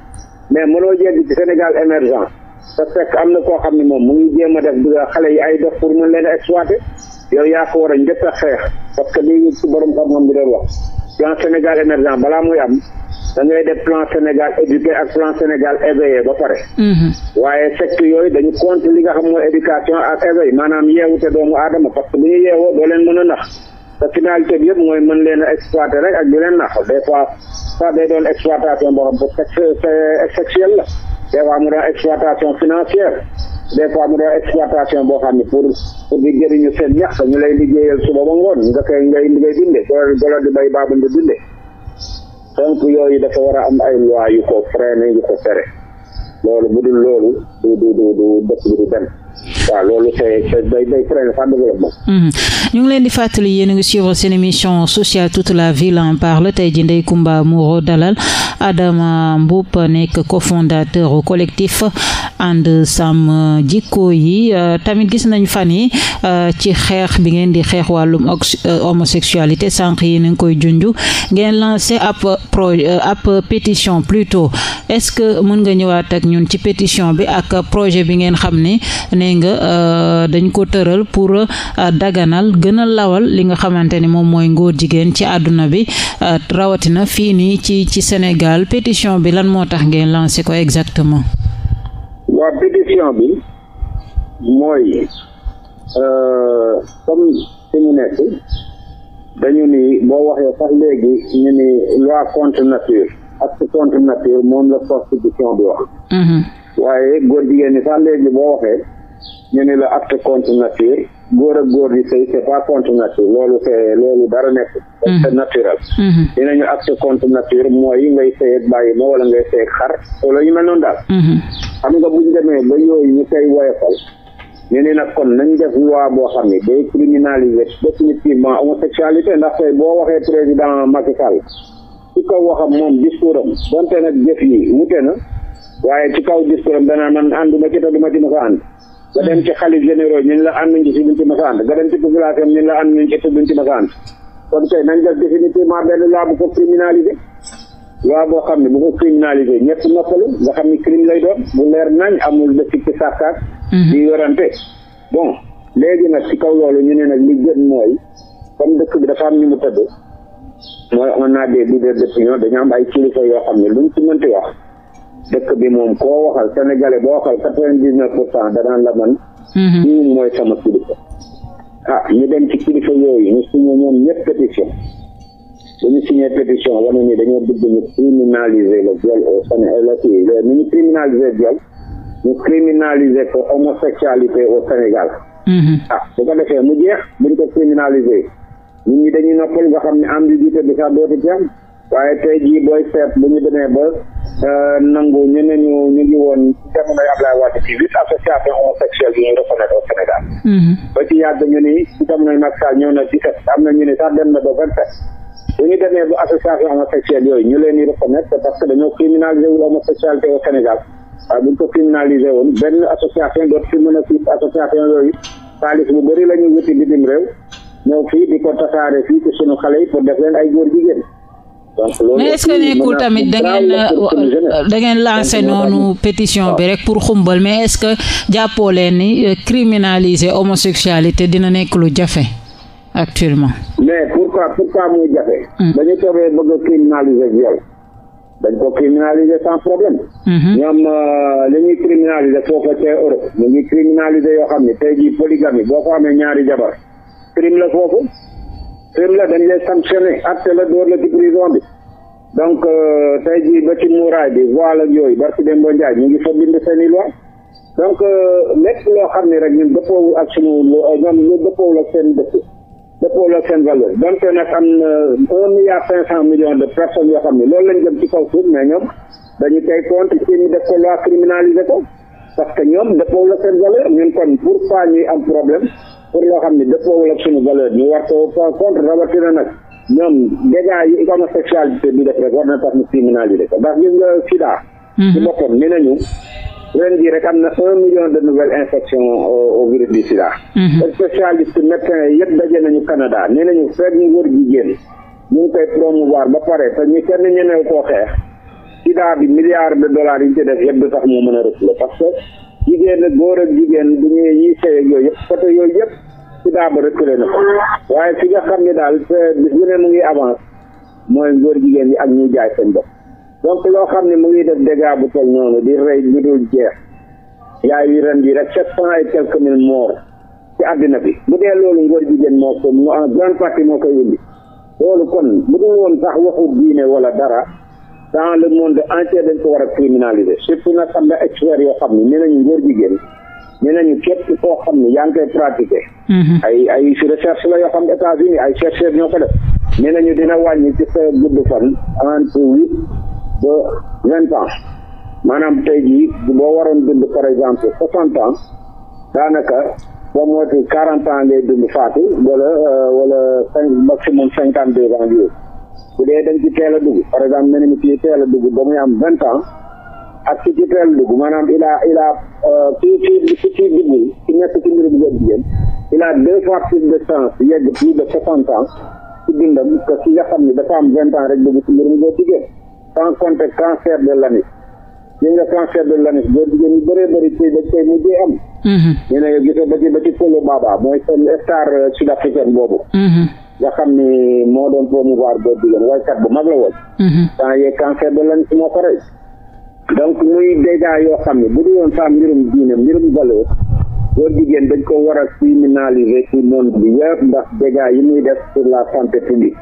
mais mënoo jéggi Sénégal émergent te fekk am na koo xam ne moom mu ngi jéem a def xale yi ay dox pour mën leen a exploiter yaa ko war a njëkk a xeex parce que lii ci borom xam-xam bi doon wax plan Sénégal émergent balaa muy am. da ngay def plan Sénégal éduqué ak plan Sénégal éveillé ba pare. Mhm. waaye secte yooyu dañu compte li nga xam mooy éducation ak éveil maanaam yeewute doomu aadama parce que bu ñu yeewoo doo leen mën a nax. te finalité bi yëpp mooy mën leen a rek ak di leen nax des sax day doon exploitation boo xam ne sexuelle la des fois mu doon exploitation financière des fois doon exploitation boo xam ne pour pour di jëriñu seen ñax ñu lay liggéeyal suba ba ngoon nga koy ngay ngay dundee dundee. donc yooyu dafa war a am ay loi yu ko freiné yu ko tere loolu bu dul loolu du du du bi du dem waaw loolu c'est c'est day day freiné sax mhm. ñu leen di fàttali yéen a ngi suivre seen émission sociale toute la ville en parle tey jii Ndeye Comba Moreau dalal Adama Mboup nekk cofondateur collectif ànd sàmm euh, jikko yi euh, tamit gis nañ fan yi euh, ci xeex bi ngeen di xeex wàllum homosexualité sànq yi ni nga koy junj ngeen lancé ab pro ab pétition plutôt est-ce que mën nga ñëwaat ak ñun ci pétition bi ak projet bi ngeen xam ne nee nga dañ ko tëral pour daganal gën a lawal li nga xamante ni moom mooy ngóor jigéen ci àdduna bi rawatina fii nii ci ci Sénégal pétition bi lan moo tax ngeen lancé ko exactement waa pétition bi mooy euh, comme fi ñu nekk dañu ni boo waxee sax léegi ñu ni loi contre nature acte contre nature moom la constitution bi wax mhm. waaye góor jigéen ni sax léegi boo waxee ñu ne la acte contre nature góor ak góor di sëy c'est pas contre nature loolu c'est loolu dara nekk mhm. c'est naturel mhm. dinañu acte contre nature mooy ngay sëy ak bàyyi ma wala ngay sëy ak xar wala ñu mel noonu daal mhm. xam nga buñ demee ba yooyu ñu koy woyofal ñu ne nag kon nañ def loi boo xam ne day criminaliser définitivement homosexualité ndax tey boo waxee président Macky Sall ci kaw waxam moom discours am donte nag jëf yi wute na waaye ci kaw discours am nga dem ci xalif généro ñun la am nañ ci si duñ ci masaan nga dem ci population ñun la ànd nañ ci si duñ ci masaan kon tey nañ def définitivement benn loi bu ko boo xam ne bu ko criminalisé ñett noppalu nga xam ne crime lay doon bu leer nañ amul dëkk ci sàkkaat mhm. di yorante bon léegi nag ci kaw loolu ñu ne nag li gën mooy comme dëkk bi dafa am ni mu tëdd mooy on a des leaders d'opinion dañu am ay kilifa yoo xam ne luñ ci mënti wax dëkk bi moom koo waxal sénégalais boo waxal quatre-vingt-dix-neuf pour cent danaan la man ñii mhm. mooy sama kilifa ah ñu dem ci kilifa yooyu ñu signé ñoom ñëpp pétition dañu signé pétition wane ni dañoo bëgg ñu criminaliser le viol au Sénégal euh, ni ñu criminaliser viol ñu criminaliser ko homosexualité au Sénégal mhm. ah bu ko defee mu jeex buñ ko criminaliser ñun ñi dañuy noppal nga xam ne ambiguïté bi sax dootu ci am waaye tey jii booy seet bu ñu demee ba Euh, nangu ñu ne ñu ñu ngi woon jamono Abdoulaye Wade ci huit association homosexuelle yi ñu reconnaître au Sénégal. Mhm. ba ci yàgg ñu ni ci jamonoy Macky Sall ñëw na dix sept am na ñu ne sax dem na ba vingt ñu ba association homosexuelle yooyu ñu leen di reconnaître parce que dañoo criminalisé wul homosexualité au Sénégal waaye bu ko criminalisé woon benn association dootu fi mën a fi association yooyu xaalis bu bëri la wuti bitim réew ñëw fii di ko tasaare fii ci sunu xale yi pour def leen ay góor jigéen mais est-ce que tamit dangeen ngeen da ngeen lancé noonu pétition bi rek pour xumbal mais est que jàppoo leen ni euh, criminaliser homosexualité dina nekk lu jafe actuellement. mais pourquoi pourquoi muy jafe. Hmm. dañu toogee bëgg a criminaliser viol dañ ko criminaliser sans problème. Hmm. ñoom euh, li ñuy foofu la Europe ñu ngi criminaliser yoo xam ne tey jii polygamie boo ko amee ñaari jabar crime la foofu. film la dañ lay sanctionné acte la door la ci prison bi donc euh, tey jii ba ci muuraay bi voile ak yooyu barki dem ba Ndiaye ñu ngi foo bind seen i loi donc euh, lépp loo xam ne rek ñun dëppoowul ak suñu euh, ñoom ñu dëppoowul ak seen dëkk dëppoowul ak seen valeur donte nag am un milliard cinq cent million de personnes yoo xam ne loolu lañ jëm ci kaw suuf mais ñoom dañu tey compte ci ñu def ko loi criminalisé ko parce que ñoom dëppoowul ak seen valeur ñun kon pour pas ñuy am problème pour loo xam ne dëppoowul ak suñu valeur ñu war ko contre rawatina nag ñoom dégâts yi homosexualité bi def rek war na tax ñu criminaliser ko ndax gis nga sida mhm. ci boppam nee nañu ren jii rek am na un million de nouvelles infections euh, au virus du sida mhm. spécialiste médecin yëpp daje nañu Canada nee nañu fekk ñu wër jigéen ñu ngi koy promouvoir ba pare te ñu kenn ñenew koo xeex sida bi milliards de dollars yi ñu def yëpp du tax moo mën a reculer parce que jigéen ak góor ak jigéen bu ñu yi sey ak yooyu yëpp côté yooyu yëpp ci daaba reculé na ko waaye fi nga xam ne daal bis bu ne mu ngi avance mooy góor jigéen yi ak ñuy jaay seen bopp donc loo xam ne mu ngi def dégâts bu toll noonu di rey lu dul jeex yaay yu ren bi rek sept cent et quelques mille morts ci àddina bi mu dee loolu ngóor jigéen moo ko en grande partie moo koy indi loolu kon bu dul woon sax waxu diine wala dara dans le monde entier dañ ko war a criminaliser surtout nag am na expert yoo xam ne nee nañu góor jigéen nee nañu képp foo xam ne yaa ngi koy pratiquer. Mhm. ay ay recherche la yoo xam ne États-Unis ay chercheurs ñoo ko def nee nañu dina wàññi ci sa gudd fan entre huit ba vingt ans maanaam tey jii boo waroon dund par exemple soixante ans daanaka boo moytu quarante ans ngay dund faatu wala euh, wala cinq maximum cinquante deux ans yooyu. bu dee dañ ci teel a dugg par exemple mel ni fii teel a dugg ba muy am vingt ans ak ki ci teel a maanaam il a il a euh, kii kii ci nekk ci mbirum góor jigéen il a deux fois plus de chance yegg plus de soixante ans ci dundam que ki nga xam dafa am vingt ans rek dugg ci mbirum góor jigéen sans compter cancer de l'anus li nga de l'anus góor jigéen ñu bëree bëri tey dañ koy mujjee am mm-hmm. ñu ne gisee ba ci ba ci Polo Baba mooy seen star euh, sud africaine nga xam ni moo doon promouvoir góor jigéen waykat bu mag la woon. Mhm. temps yee cancer de lan moo ko rey. donc muy dégâts yoo xam ne bu dul woon sax mbirum diine mbirum valeur góor jigéen dañ ko war a criminaliser ci monde bi yëpp ndax dégâts yi muy def pour la santé publique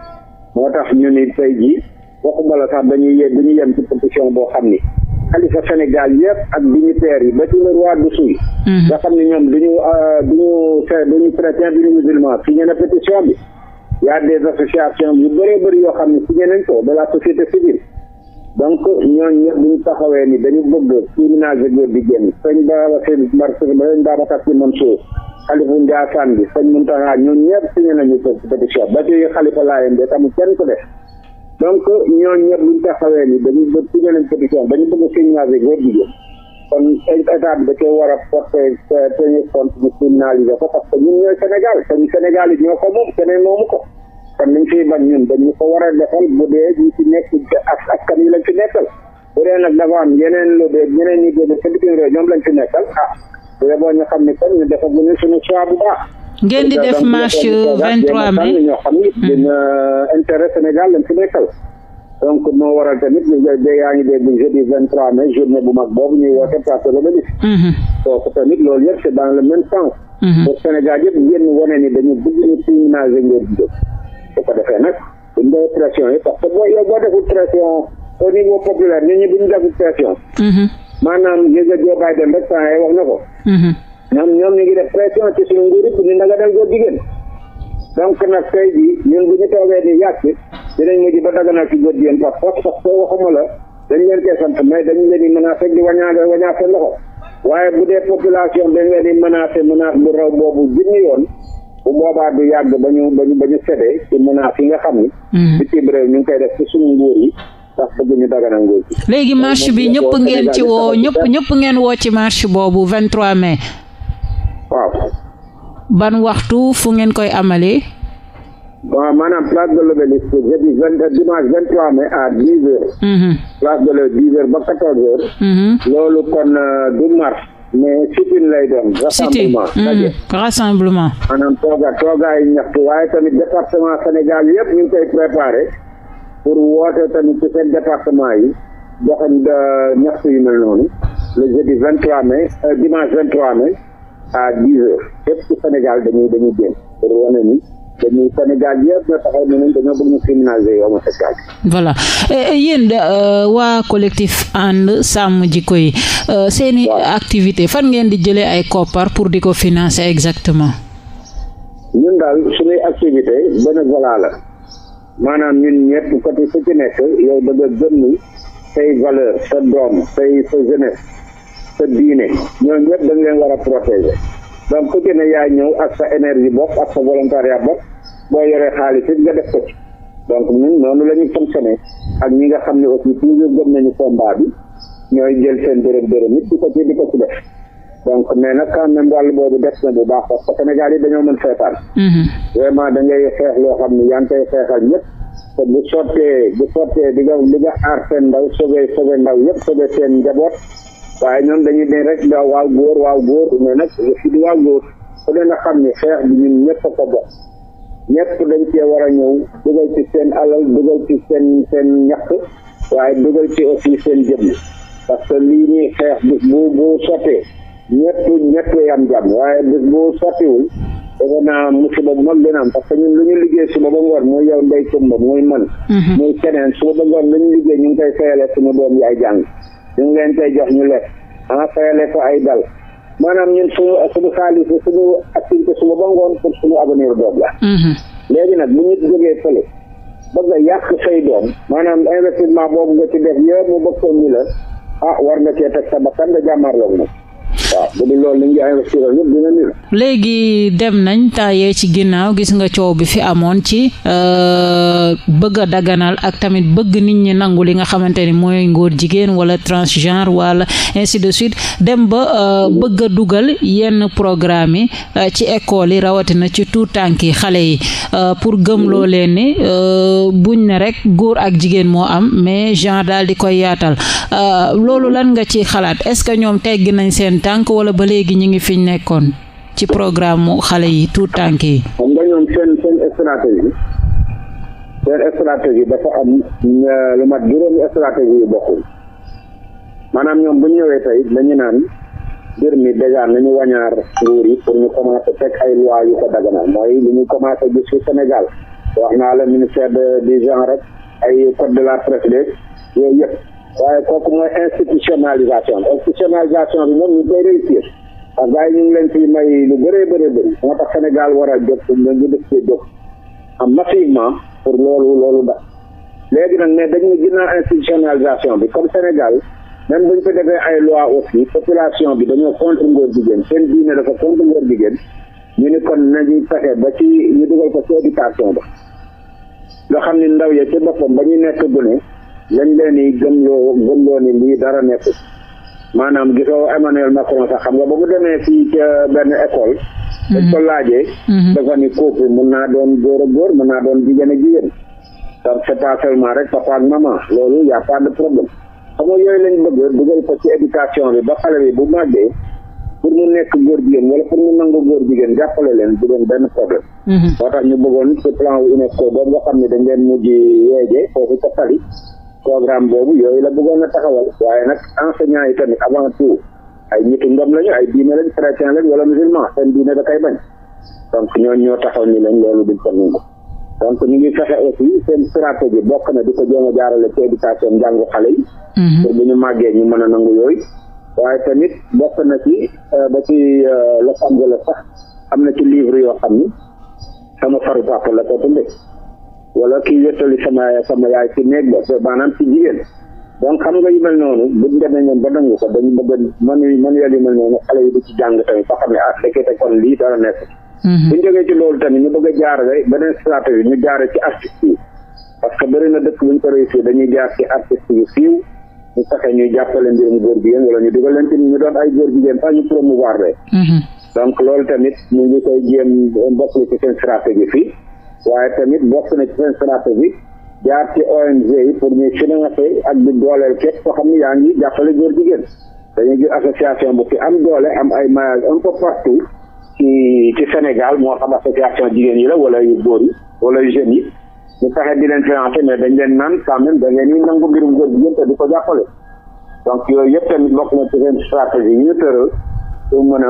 moo tax ñu ni tey jii waxuma la sax dañuy yem dañuy yem ci position boo xam ni xalifa Sénégal yëpp ak dignitaires yi ba ci le roi du suy mhm. nga xam ne ñoom duñu euh, duñu duñu duñu musulman signé na y a des associations yu bëri yoo xam ne signé nañ ko de la société civile donc ñooñu ñëpp taxawee ni dañu bëgg tribunal de guerre bi génn sëñ Babacar Mbar sëñ Babacar Sy Mansour xalifu Ndiassane bi sëñ Mountakha ñooñu ñëpp signé nañu pétition ba ci xalifa Laayeen bi tamit ken ko def donc ñooñu ñëpp ñu taxawee ni dañu bëgg signé nañ pétition dañu bëgg tribunal de guerre bi génn kon état bi da koy war a porter premier compte mu criminaliser ko parce que ñun ñooy Sénégal te ñu Sénégal it ñoo ko moom keneen moomu ko kon nañ koy bañ ñun dañu ko war a defal bu dee ñu ci nekk ak ak kan yi lañ ci nekkal bu dee nag am yeneen lu dee ñeneen ñi ñoom lañu ci nekkal ah bu dee ñu xam ni kon ñu defal ñu suñu choix bu baax. ngeen di def marche 23 mai ñoo xam ni dina intérêt Sénégal lañ ci nekkal. donc moo waral tamit da yaa ngi dégg jeudi vingt trois mai journée bu mag boobu ñuy woote place de l'Obélisque kooku mhm. tamit loolu yëpp c'est dans le même sens pour mhm. Sénégal yëpp ngeen wane ni dañu bëgg ñu criminaliser ngeen di def bu ko defee nag duñ def pression yi parce que boo yow boo deful pression au niveau populaire nit ñi duñ deful pression mhm. maanaam yëga joobaay dem rek saa wax na ko ñoom ñoom ñu ngi def pression ci suñu nguur ñu ndaga dal góor jigéen donc nag tey jii ñun bu ñu toogee ni yàgg dinañ mujj ba daganal ci góor jigéen parce que soo waxuma dañ leen koy sant mais dañ leen di menacé di wañaale wañaale seen loxo waaye bu dee population dañ leen di menacé menace bu raw boobu junni yoon bu boobaa du yàgg ba ñu ba ba ñu séddee ci menace yi nga xam ni. ci hmm. ci ñu ngi koy def ci suñu nguur yi. léegi marche bi ñëpp ngeen ci woo ñëpp ñëpp ngeen woo ci marche boobu 23 mai. waaw. ban waxtu fu ngeen koy amalee. bon maanaam place de l'Obélisque jeudi vingt dimanche vingt trois mai à dix heures. Mhm. place de l'Obélisque dix heures ba quatorze heures. Mhm. loolu kon euh, du marche mais sit lay doon. rassemblement c'est-à-dire mhm. rassemblement. tooga toogaay ñaxtu waaye tamit département Sénégal yëpp ñu ngi koy préparé pour woote tamit ci seen département yi doxin euh, ñaxtu yu mel noonu le jeudi vingt trois mai euh, dimanche vingt trois mai à dix heures yëpp ci Sénégal dañuy dañuy génn pour wane ni. dañuy Sénégal yëpp ñoo taxaw ne ñun dañoo bëgg ñu criminaliser homosexuel bi. voilà eh, eh, yéen euh, waa collectif ànd sàmm jikko yi euh, seen i activité fan ngeen di jëlee ay koppar pour di ko financé exactement. ñun daal suñuy activité bénévolat la maanaam ñun ñëpp côté su ci nekk yow da nga gëm ni say valeur sa doom say sa jeunesse sa diine ñooñu ñëpp da nga leen a protéger donc ku ci yaa ñëw ak sa énergie bopp ak sa volontariat bopp boo yoree xaalis it nga def ko ci donc ñun noonu la ñu ak ñi nga xam ne aussi toujours gëm nañu combat bi ñooy jël seen dërëm dërëm it di ko ci di ko ci def donc mais nag quand même wàllu boobu des na bu baax parce que yi dañoo mën seetaan mm-hmm. vraiment da ngay xeex loo xam ne yaa ngi koy xeexal ñëpp te bu sottee bu sottee di nga di nga aar seen ndaw sauver sauver ndaw yëpp sauver seen njaboot waaye ñoom dañuy ne rek waaw góor waaw góor mais nag yëf yi di waaw góor a xam ne xeex bi ñëpp dañ cee war a ñëw dugal ci seen alal dugal ci seen seen ñaq waaye dugal ci aussi seen jëmm parce que lii ñuy xeex bis bu bu sottee ñett ñett yam jàmm waaye bis bu sottiwul dafa naa musiba bu mag dina am parce que lu ñu liggéey suba ba ngoon mooy yow ndey tumba mooy man mhm. muy keneen suba ba ngoon lu ñu liggéey ñu ngi koy fayale suñu doom yi ay jàng ñu ngi leen koy jox ñu lekk xanaa fayale ko ay dal maanaam ñun suñu suñu xaalis suñu activité suba ba ngoon pour suñu avenir doom la. Mhm. léegi nag bu nit jógee fële bëgg a yàq say doom maanaam investissement boobu nga ci def yëpp mu bëgg ko la ah war nga cee teg sa bakkan nga jàmmaarloog léegi dem nañ taayee ci ginnaaw gis nga coow bi fi amoon ci euh, bëgg a daganal ak tamit bëgg nit ñi nangu li nga xamante ni mooy ngóor jigéen wala transgenre wala ainsi de suite dem ba euh, bëgg dugal yenn programme yi euh, ci école yi rawatina ci tout tànk yi xale yi pour gëmloo leen ni buñ ne rek góor ak jigéen moo am mais genre daal di koy yaatal loolu lan nga ci xalaat est-ce que ñoom tegg nañ seen tànk sànq wala ba léegi ñu ngi fi nekkoon ci programme mu xale yi tout tànk yi. xam nga ñoom seen seen stratégie seen stratégie dafa am euh, lu mat juróomi stratégie yu bokkul maanaam ñoom bu ñëwee tey dañu naan mbir mi dèjà nañu wañaar nguur yi pour ñu commencé teg ay loi yu ko daganal mooy li ñu commencé gis fi Sénégal wax naa la ministère de du genre rek ay code de la presse yooyu yëpp. waaye kooku mooy institutionnalisation institutionnalisation bi moom ñu koy réussir ak gars yi ñu leen fi may lu bëree bëree bëri moo tax Sénégal war a jóg na ñu def cee jóg am massivement pour loolu loolu da léegi nag mais dañu ginnaaw institutionnalisation bi comme Sénégal même ñu ko defee ay loi aussi population bi dañoo contre ngóor jigéen seen diine dafa contre ngóor jigéen ñu ni kon nañu fexee ba ci ñu dugal ko ci éducation ba nga xam ni ndaw ya ci boppam ba ñu nekk gune lañ leen di gëmloo gëmloo ni lii dara nekkul maanaam gisoo Emmanuel Macron sax xam nga ba mu demee fii ca benn école. Mhm. dañ ko mhm. mun naa doon góor a góor mun naa doon jigéen a jigéen. donc c'est pas seulement rek papa ak maman loolu y a pas de problème xam nga yooyu lañ bëgg dugal ko ci éducation bi ba xale bi bu màggee pour mu nekk góor jigéen wala pour mu nangu góor jigéen jàppale leen du doon benn problème. Mhm. moo tax ñu bëggoon ci plan wu UNESCO boobu nga programme boobu yooyu la bëggoon a taxawal waaye nag enseignants yi tamit avant tout ay ñitu ngëm lañu ay diine lañ chrétien lañ wala musulman seen diine da koy bañ donc ñooñu ñoo taxaw ni lañ loolu duñ ko nangu donc ñu ngi fexe aussi seen stratégie bokk na di ko jéem a jaarale ci éducation njàngu xale yi mhm. pour bu ñu màggee ñu mën a nangu yooyu waaye tamit bokk na ci euh, ba ci euh, Los Angeles sax am na ci livre yoo xam ni sama faru papa la ko tundee wala kii wéttali sama sama yaay ci néeg ba so maanaam ci jigéen donc xam nga yu mel noonu buñ demee ñoom ba nangu ko dañu bëgg manuel yu noonu xale yi di ci jàng tamit ba xam ne ah kon lii dara nekk mhm. buñ jógee ci loolu tamit ñu bëgg a ba beneen stratégie ñu jaare ci artistes yi parce que bëri na dëkk buñ ko réussir dañuy jaar ci artistes yu siiw ñu fexe ñuy jàppale mbirum góor jigéen wala ñu dugal leen ci ñu doon ay góor jigéen sax ñu promouvoir waaye tamit bokk na ci seen stratégie jaar ci ONG yi pour ñu financé ak di dooleel képp koo xam ne yaa ngi jàppale góor jigéen dañu gis association bu fi am doole am ay maillage un peu ci ci Sénégal moo xam association jigéen yi la wala yu góor wala yu jeunes yi ñu fexe di leen financé mais dañ leen naan quand même da ngeen ñuy nangu mbirum góor jigéen te di ko jàppale donc yooyu yëpp tamit bokk na ci seen stratégie ñu tëral pour mën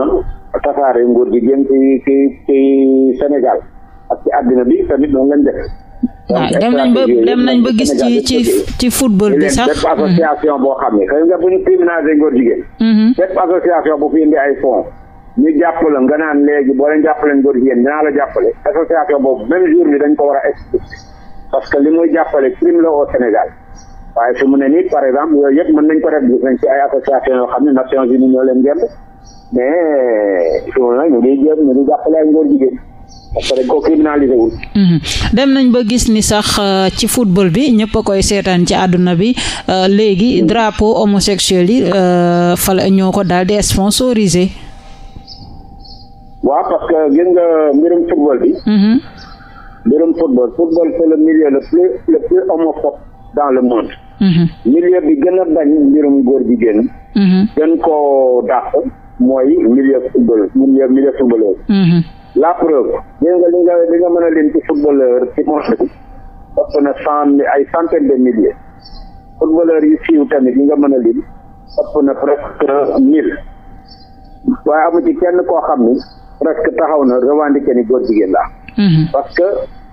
a tasaare nguur gi jëm ci ci parce que àddina bi tamit noonu lañ def. waaw dem nañ ba dem nañ ba gis ci ci ci football bi sax. bépp association boo xam ne nga bu ñu criminalisé ngóor jigéen. bépp mm-hmm. association bu fi indi ay fonds. ñu jàppale nga naan léegi boo leen jàppalee ngóor jigéen dinaa la jàppale association boobu même jour bi dañ ko war a expliquer parce que li muy jàppale crime la au Sénégal. waaye su mu ne nii par exemple yooyu yëpp mën nañ ko def gis nañ ci ay association yoo xam ne Nations Unies leen gëm mais su ma la ñu ngi jéem ñu parce que mhm. dem nañ ba gis ni sax euh, ci football bi ñëpp koy seetaan ci àdduna bi euh, léegi drapeau homosexuel yi euh, fa la ñoo ko daal di sponsorisé. waaw parce que nga mbirum football bi. Mhm. mbirum football football c'est le milieu le plus le plus dans le monde. Mhm. milieu bi gën a bañ mbirum góor jigéen. gën koo dàq mooy milieu football milieu milieu la preuve gis li nga li nga mën a lim ci footballeur ci monde bi ëpp na cent ay centaine de milliers footballeur yu siiw tamit yi nga mën a lim ëpp na presque mille waaye amu ci kenn koo xam ni presque taxaw na revendiquer ni góor jigéen laa mhm. parce que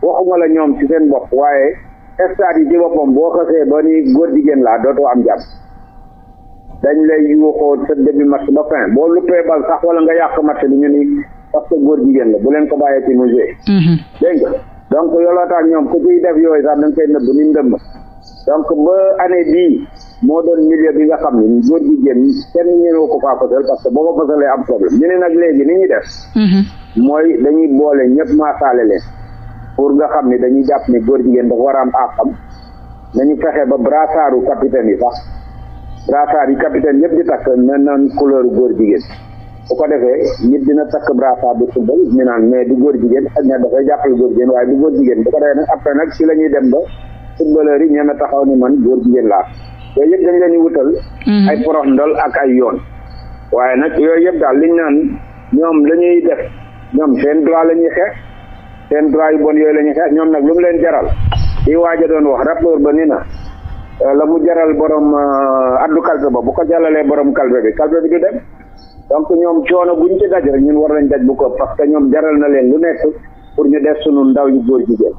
waxuma la ñoom ci seen bopp waaye stade yi ci boppam boo xasee ba ni góor jigéen laa dootoo am jàmm dañ lay yuuxoo sa début match ba fin boo luppee bal sax wala nga yàq match bi ñu ni parce que góor jigéen la bu leen ko bàyyee ci mu joué. Mhm. dégg nga donc ñoom ku ciy def yooyu sax dañ koy nëbb ni ndëmb donc ba année bii moo doon milieu bi nga xam ne góor jigéen kenn ñëwee ko faa fësal parce que boo ko fësalee am problème ñu ne nag léegi ni ñuy def. Mhm. mooy dañuy boole ñëpp maasaale leen pour nga xam ne dañuy jàpp ne góor jigéen dafa war a am àqam nañu fexe ba brassaaru capitaine yi sax brassaar yi capitaine yëpp di takk na noon couleur góor jigéen. bu ko defee nit dina takk brassard bi football ñu naan mais du góor jigéen ak ne dafay jàppale góor jigéen waaye du góor jigéen bu ko defee nag après nag si la ñuy dem ba footballeur yi ñeme taxaw ni man góor jigéen laa yooyu yëpp dañ leen di wutal mhm. ay porox ndol ak ay yoon waaye nag yooyu yëpp daal liñ naan ñoom lañuy def ñoom seen droit la ñuy xeex seen droit yu bon yooyu la ñuy xeex ñoom nag lu mu leen jaral di waaj a doon wax rapport ba ni na la mu jaral borom euh, addu kalpe ba bu ko jàllalee borom kalpe bi kalpe bi dem donc ñoom coono buñ ci daj rek ñun war nañ daj bu ko parce que ñoom jaral na leen lu nekk pour ñu def sunu ndaw yu góor jigéen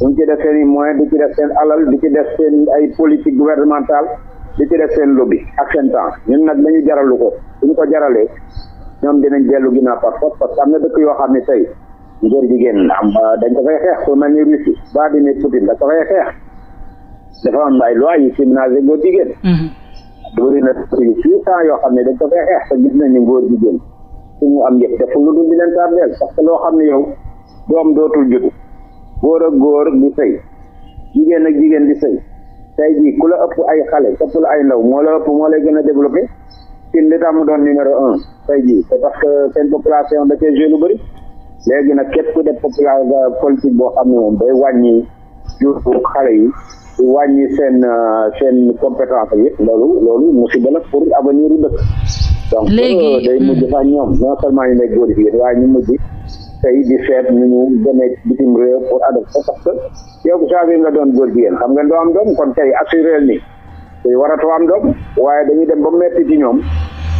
duñ ci def seen i moyen di ci def seen alal di ci def seen ay politique gouvernementale di ci def seen lobby ak seen temps ñun nag dañu jaralu ko suñ ko jaralee ñoom dinañ dellu ginnaaw par force parce que am na dëkk yoo xam ne tey góor jigéen am euh, dañ ko fay xeex ku mel ni Russie Vladimir Poutine dañ ko fay xeex dafa am ay loi yu criminalisé góor jigéen mm-hmm. bëri na suñu yoo xam ne dañ ko fay xeex te gis nañ ni jigéen su mu am yëpp deful lu dul di leen tardeel parce loo xam ne yow doom dootul judd góor ak góor di sëy jigéen ak jigéen di sëy tey jii ku la ëpp ay xale ëpp la ay ndaw moo la ëpp moo lay gën a développé si li tax mu doon numéro un tey jii c'est parce que seen population da cee jeune lu bëri léegi nag képp ku def population politique boo xam ne moom day wàññi jur xale yi wàññi seen euh, seen compétence yi loolu loolu musiba la pour avenir yu dëkk. donc euh, day mujj sax ñoom non seulement ñu may glorifier waaye ñu mujj tey di seet ñu ñu demee bitim réew pour adopté parce que yow saa nga doon góor jigéen xam nga doo am doom kon tey assuré ni tey waratoo am doom waaye dañuy dem ba metti ci ñoom.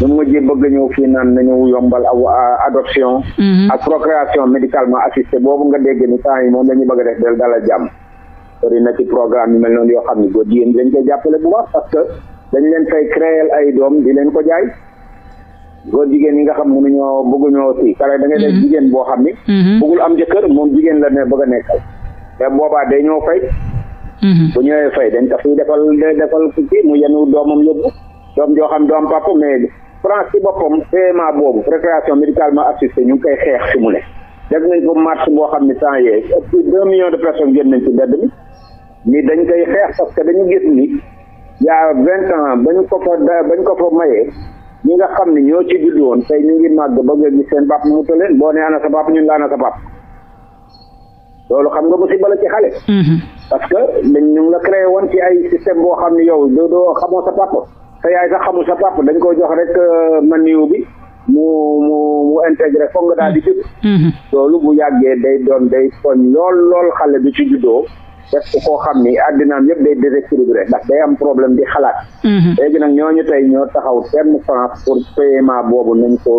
ñu mujj bëgg ñëw fii naan nañu yombal adoption. Mhm. ak procréation médicalement assistée boobu nga dégg ni temps yi moom dañuy bëgg def del dalal bëri na ci programme yu mel noonu yoo xam ni góor jigéen dañ koy jàppale bu baax parce que dañ leen fay créer ay doom di leen ko jaay góor jigéen yi nga xam mënuñoo bëgguñoo si kare da ngay def mhm. jigéen boo xam ni mhm. bëggul am jëkkër moom jigéen la ne bëgg a nekkal te boobaa day ñëw fay mhm. bu ñëwee fay dañ ko fiy defal defal kii mu yenu doomam yóbbu doom joo xam doom papa mais France ci boppam PMA boobu récréation médicalement assistée ñu ngi koy xeex fi mu ne def nañ ko boo xam ne temps yee plus deux millions de personnes ni dañ koy xeex parce que dañu gis ni yaa vingt ans bañ ko fa bañ ko fa mayee ñi nga xam ni ñoo ci judd woon tey ñu ngi màgg ba nga gis seen bàpp mu leen boo ne ana sa bàpp ñun la ana sa bàpp loolu xam nga musiba la ci xale mm-hmm. parce que dañ ñu la créé woon ci ay système boo xam ne yow doo doo xamoo sa papa sa yaay sax xamul sa papa dañ ko jox rek euh, maniw bi mu mu mu intégré foog nga daal di jub mm-hmm. loolu bu yàggee day doon day soñ lool lool xale bi ci juddoo def ko koo xam ni àddinaam yëpp day déséquilibré ndax day am problème di xalaat. Mhm. léegi nag ñooñu tey ñoo taxaw fenn France pour paiement boobu nañ ko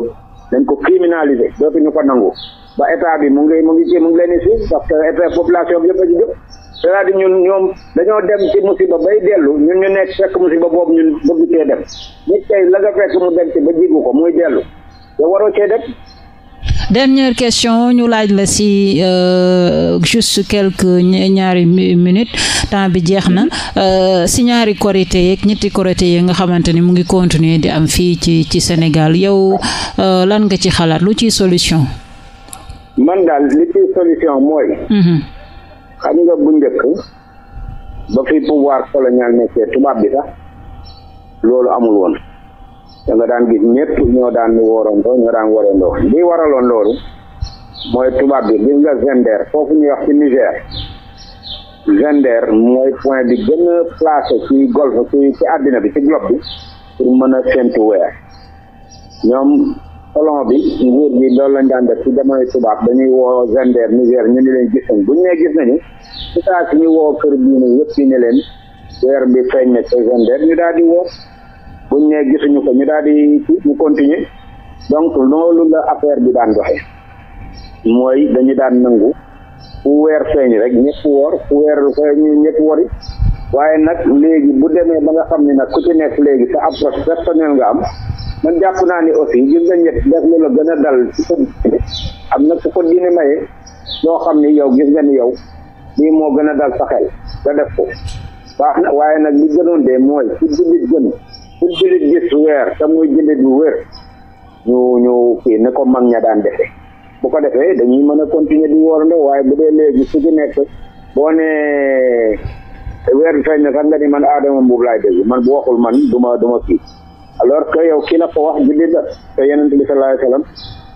nañ ko criminaliser dootuñu ko nangu ba état bi mu ngi mu ngi mu ngi leen di suuf parce que état population bi yëpp a ci jóg. c'est-à-dire ñun ñoom dañoo dem ci musiba bay dellu ñun ñu nekk fekk musiba boobu ñun bëgg cee dem nit tey la nga fekk mu dem ci ba jigu ko muy dellu te waroo dem. dernière question ñu laaj la si euh, juste quelques ñaari minutes temps bi jeex na mm-hmm. euh, si ñaari korité yeeg ñetti korité yi nga xamante ni mu ngi continuer di am fii ci ci Sénégal yow euh, lan nga ci xalaat lu ciy solution. man daal li ci solution mooy. Mm-hmm. xam nga bu njëkk ba fi pouvoir colonial nekkee tubaab bi sax loolu amul woon. da nga daan gis ñëpp ñoo daan woorandoo ñoo daan woorandoo li waraloon loolu mooy tubaab bi gis nga Zender foofu ñuy wax ci Niger Zender mooy point bi gën a ci golfe ci ci àddina bi ci globe bi pour mën a séntu weer ñoom colon bi nguur gi loolu lañ daan def ci jamono tubaab dañuy woo Zender Niger ñu ni leen gis nañ bu ñu nee gis nañu ci saa si ñu woo kër bii nii yëpp ñu ne leen weer bi feeñ na ca Zender ñu daal di woo buñ ne gisuñu ko ñu daal di ñu continuer donc loolu la affaire bi daan doxe mooy dañu daan nangu fu weer feeñ rek ñëpp woor fu weer feeñ ñëpp wori waaye nag léegi bu demee ba nga xam ni nag ku ci nekk léegi sa approche personnelle nga am man jàpp naa ni aussi gis nga ñett def lu la gën a dal ci ko diine am na ku ko diine maye loo xam ni yow gis nga ni yow lii moo gën a dal sa xel nga def ko na waaye nag li gënoon dee mooy ci jullit gën pour jullit gis weer te muy jullit bu wér ñu ñu kii ne ko mag ña daan defee bu ko defee dañuy mën a continuer di woorandoo waaye bu dee léegi su ci nekk boo nee weer bi feeñ na sax nga ni man aadama mbuub laay dégg man bu waxul man du ma du ma kii alors que yow kii la ko wax jullit la te yonent bi sallallahu alayhi wa sallam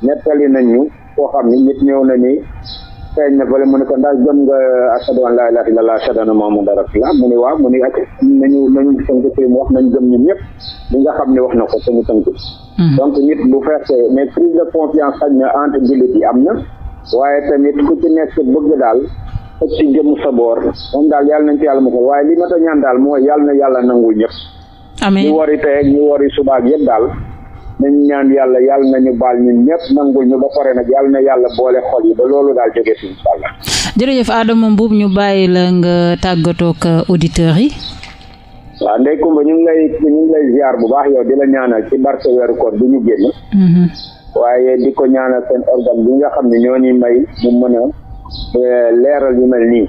nettali nañ ñu koo xam ni nit ñëw na ni feeñ na fële mu ne ko ndax gëm nga ashadu an laa ilaaha illallaah ashadu anna muhammadan rasulullah mu ne waaw mu ne ak na nañu tënk ci mu wax nañ gëm ñun ñëpp li nga xam ne wax na ko te tënk hmm. donc nit bu fekkee mais prise de confiance xaj na entre jullit yi am na waaye tamit ku ci nekk bëgg daal ak ci jëm sa boor moom daal yàlla nañ ci yàlla mu ko waaye li ma ta ñaan daal mooy yàlla na yàlla nangul ñëpp amiin ñu wari tey ñu wari subaak yëpp daal nañ ñaan yàlla yàlla nañu baal ñun ñëpp nangul ñu ba pare nag yàlla na yàlla boole xol yi ba loolu daal jóge fi incha allah. jërëjëf Adama Mboup ñu bàyyi la nga tàggatoo ak yi. waaw ndey Kumba ñu ngi lay ñu bu baax yow di la ñaanal ci barke weeru koor bi ñu génn. Mhm. waaye di ko ñaanal seen organe bi nga xam ne ñoo ñuy may mu mën a eh, leeral yu mel nii.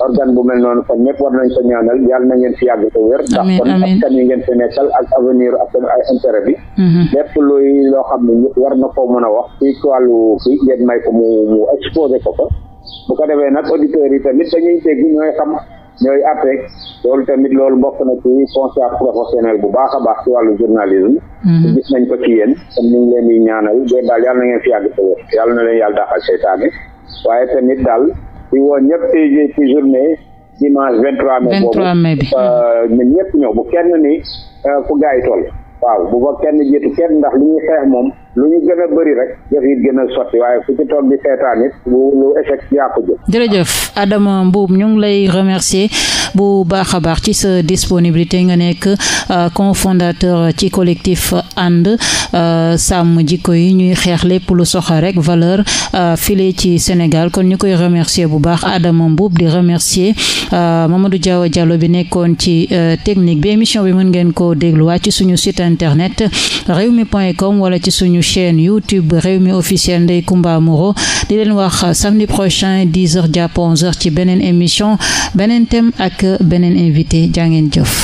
organe bu mel noonu kon ñëpp war nañ ko ñaanal yàlla na ngeen fi yàgg te wér ndax kon askan yi ngeen fi nekkal ak avenir ak ay intérêt bi mhm. lépp luy loo xam ne ñëpp war na ko mën a wax ci wàllu fi ngeen may ko mu mu exposé ko ko bu ko defee nag auditeurs yi tamit dañuy dégg ñooy xam ñooy atte loolu tamit loolu bokk na ci conscience professionnel bu baax a baax ci wàllu journalisme mhm. gis nañ ko ci yéen kon ñu leen ñaanal dée daal yàlla na ngeen fi yàgg sa wér yàlla na di woo ñëpp ci ci journée dimanche 23 mai. 23 mai bi boobu euh, ñun bu kenn ni euh, fu gars yi toll. waaw bu ko kenn jiitu kenn ndax li xeex moom. lu ñu gën a rek jëf yi gën waaye ku ci toog di seetaan lu échec yaa jëf jërëjëf Adama Mboup ñu ngi lay remercier bu baax a baax ci sa disponibilité nga nekk euh, confondateur ci collectif ànd euh, sàmm jikko yi ñuy xeex lépp lu soxa rek valeur euh, file ci Sénégal kon ñu koy remercier bu baax Adama Mboup di remercier Mamadou Diawa Diallo bi nekkoon ci technique bi émission bi mën ngeen ko dégluwaat ci suñu site internet rewmi.com wala ci suñu chaîne YouTube Rewmi officiel Ndeye Comba Moreau di leen wax samedi prochain 10 heures jàpp 11 ci beneen émission beneen thème ak beneen invité jaa ngeen jëf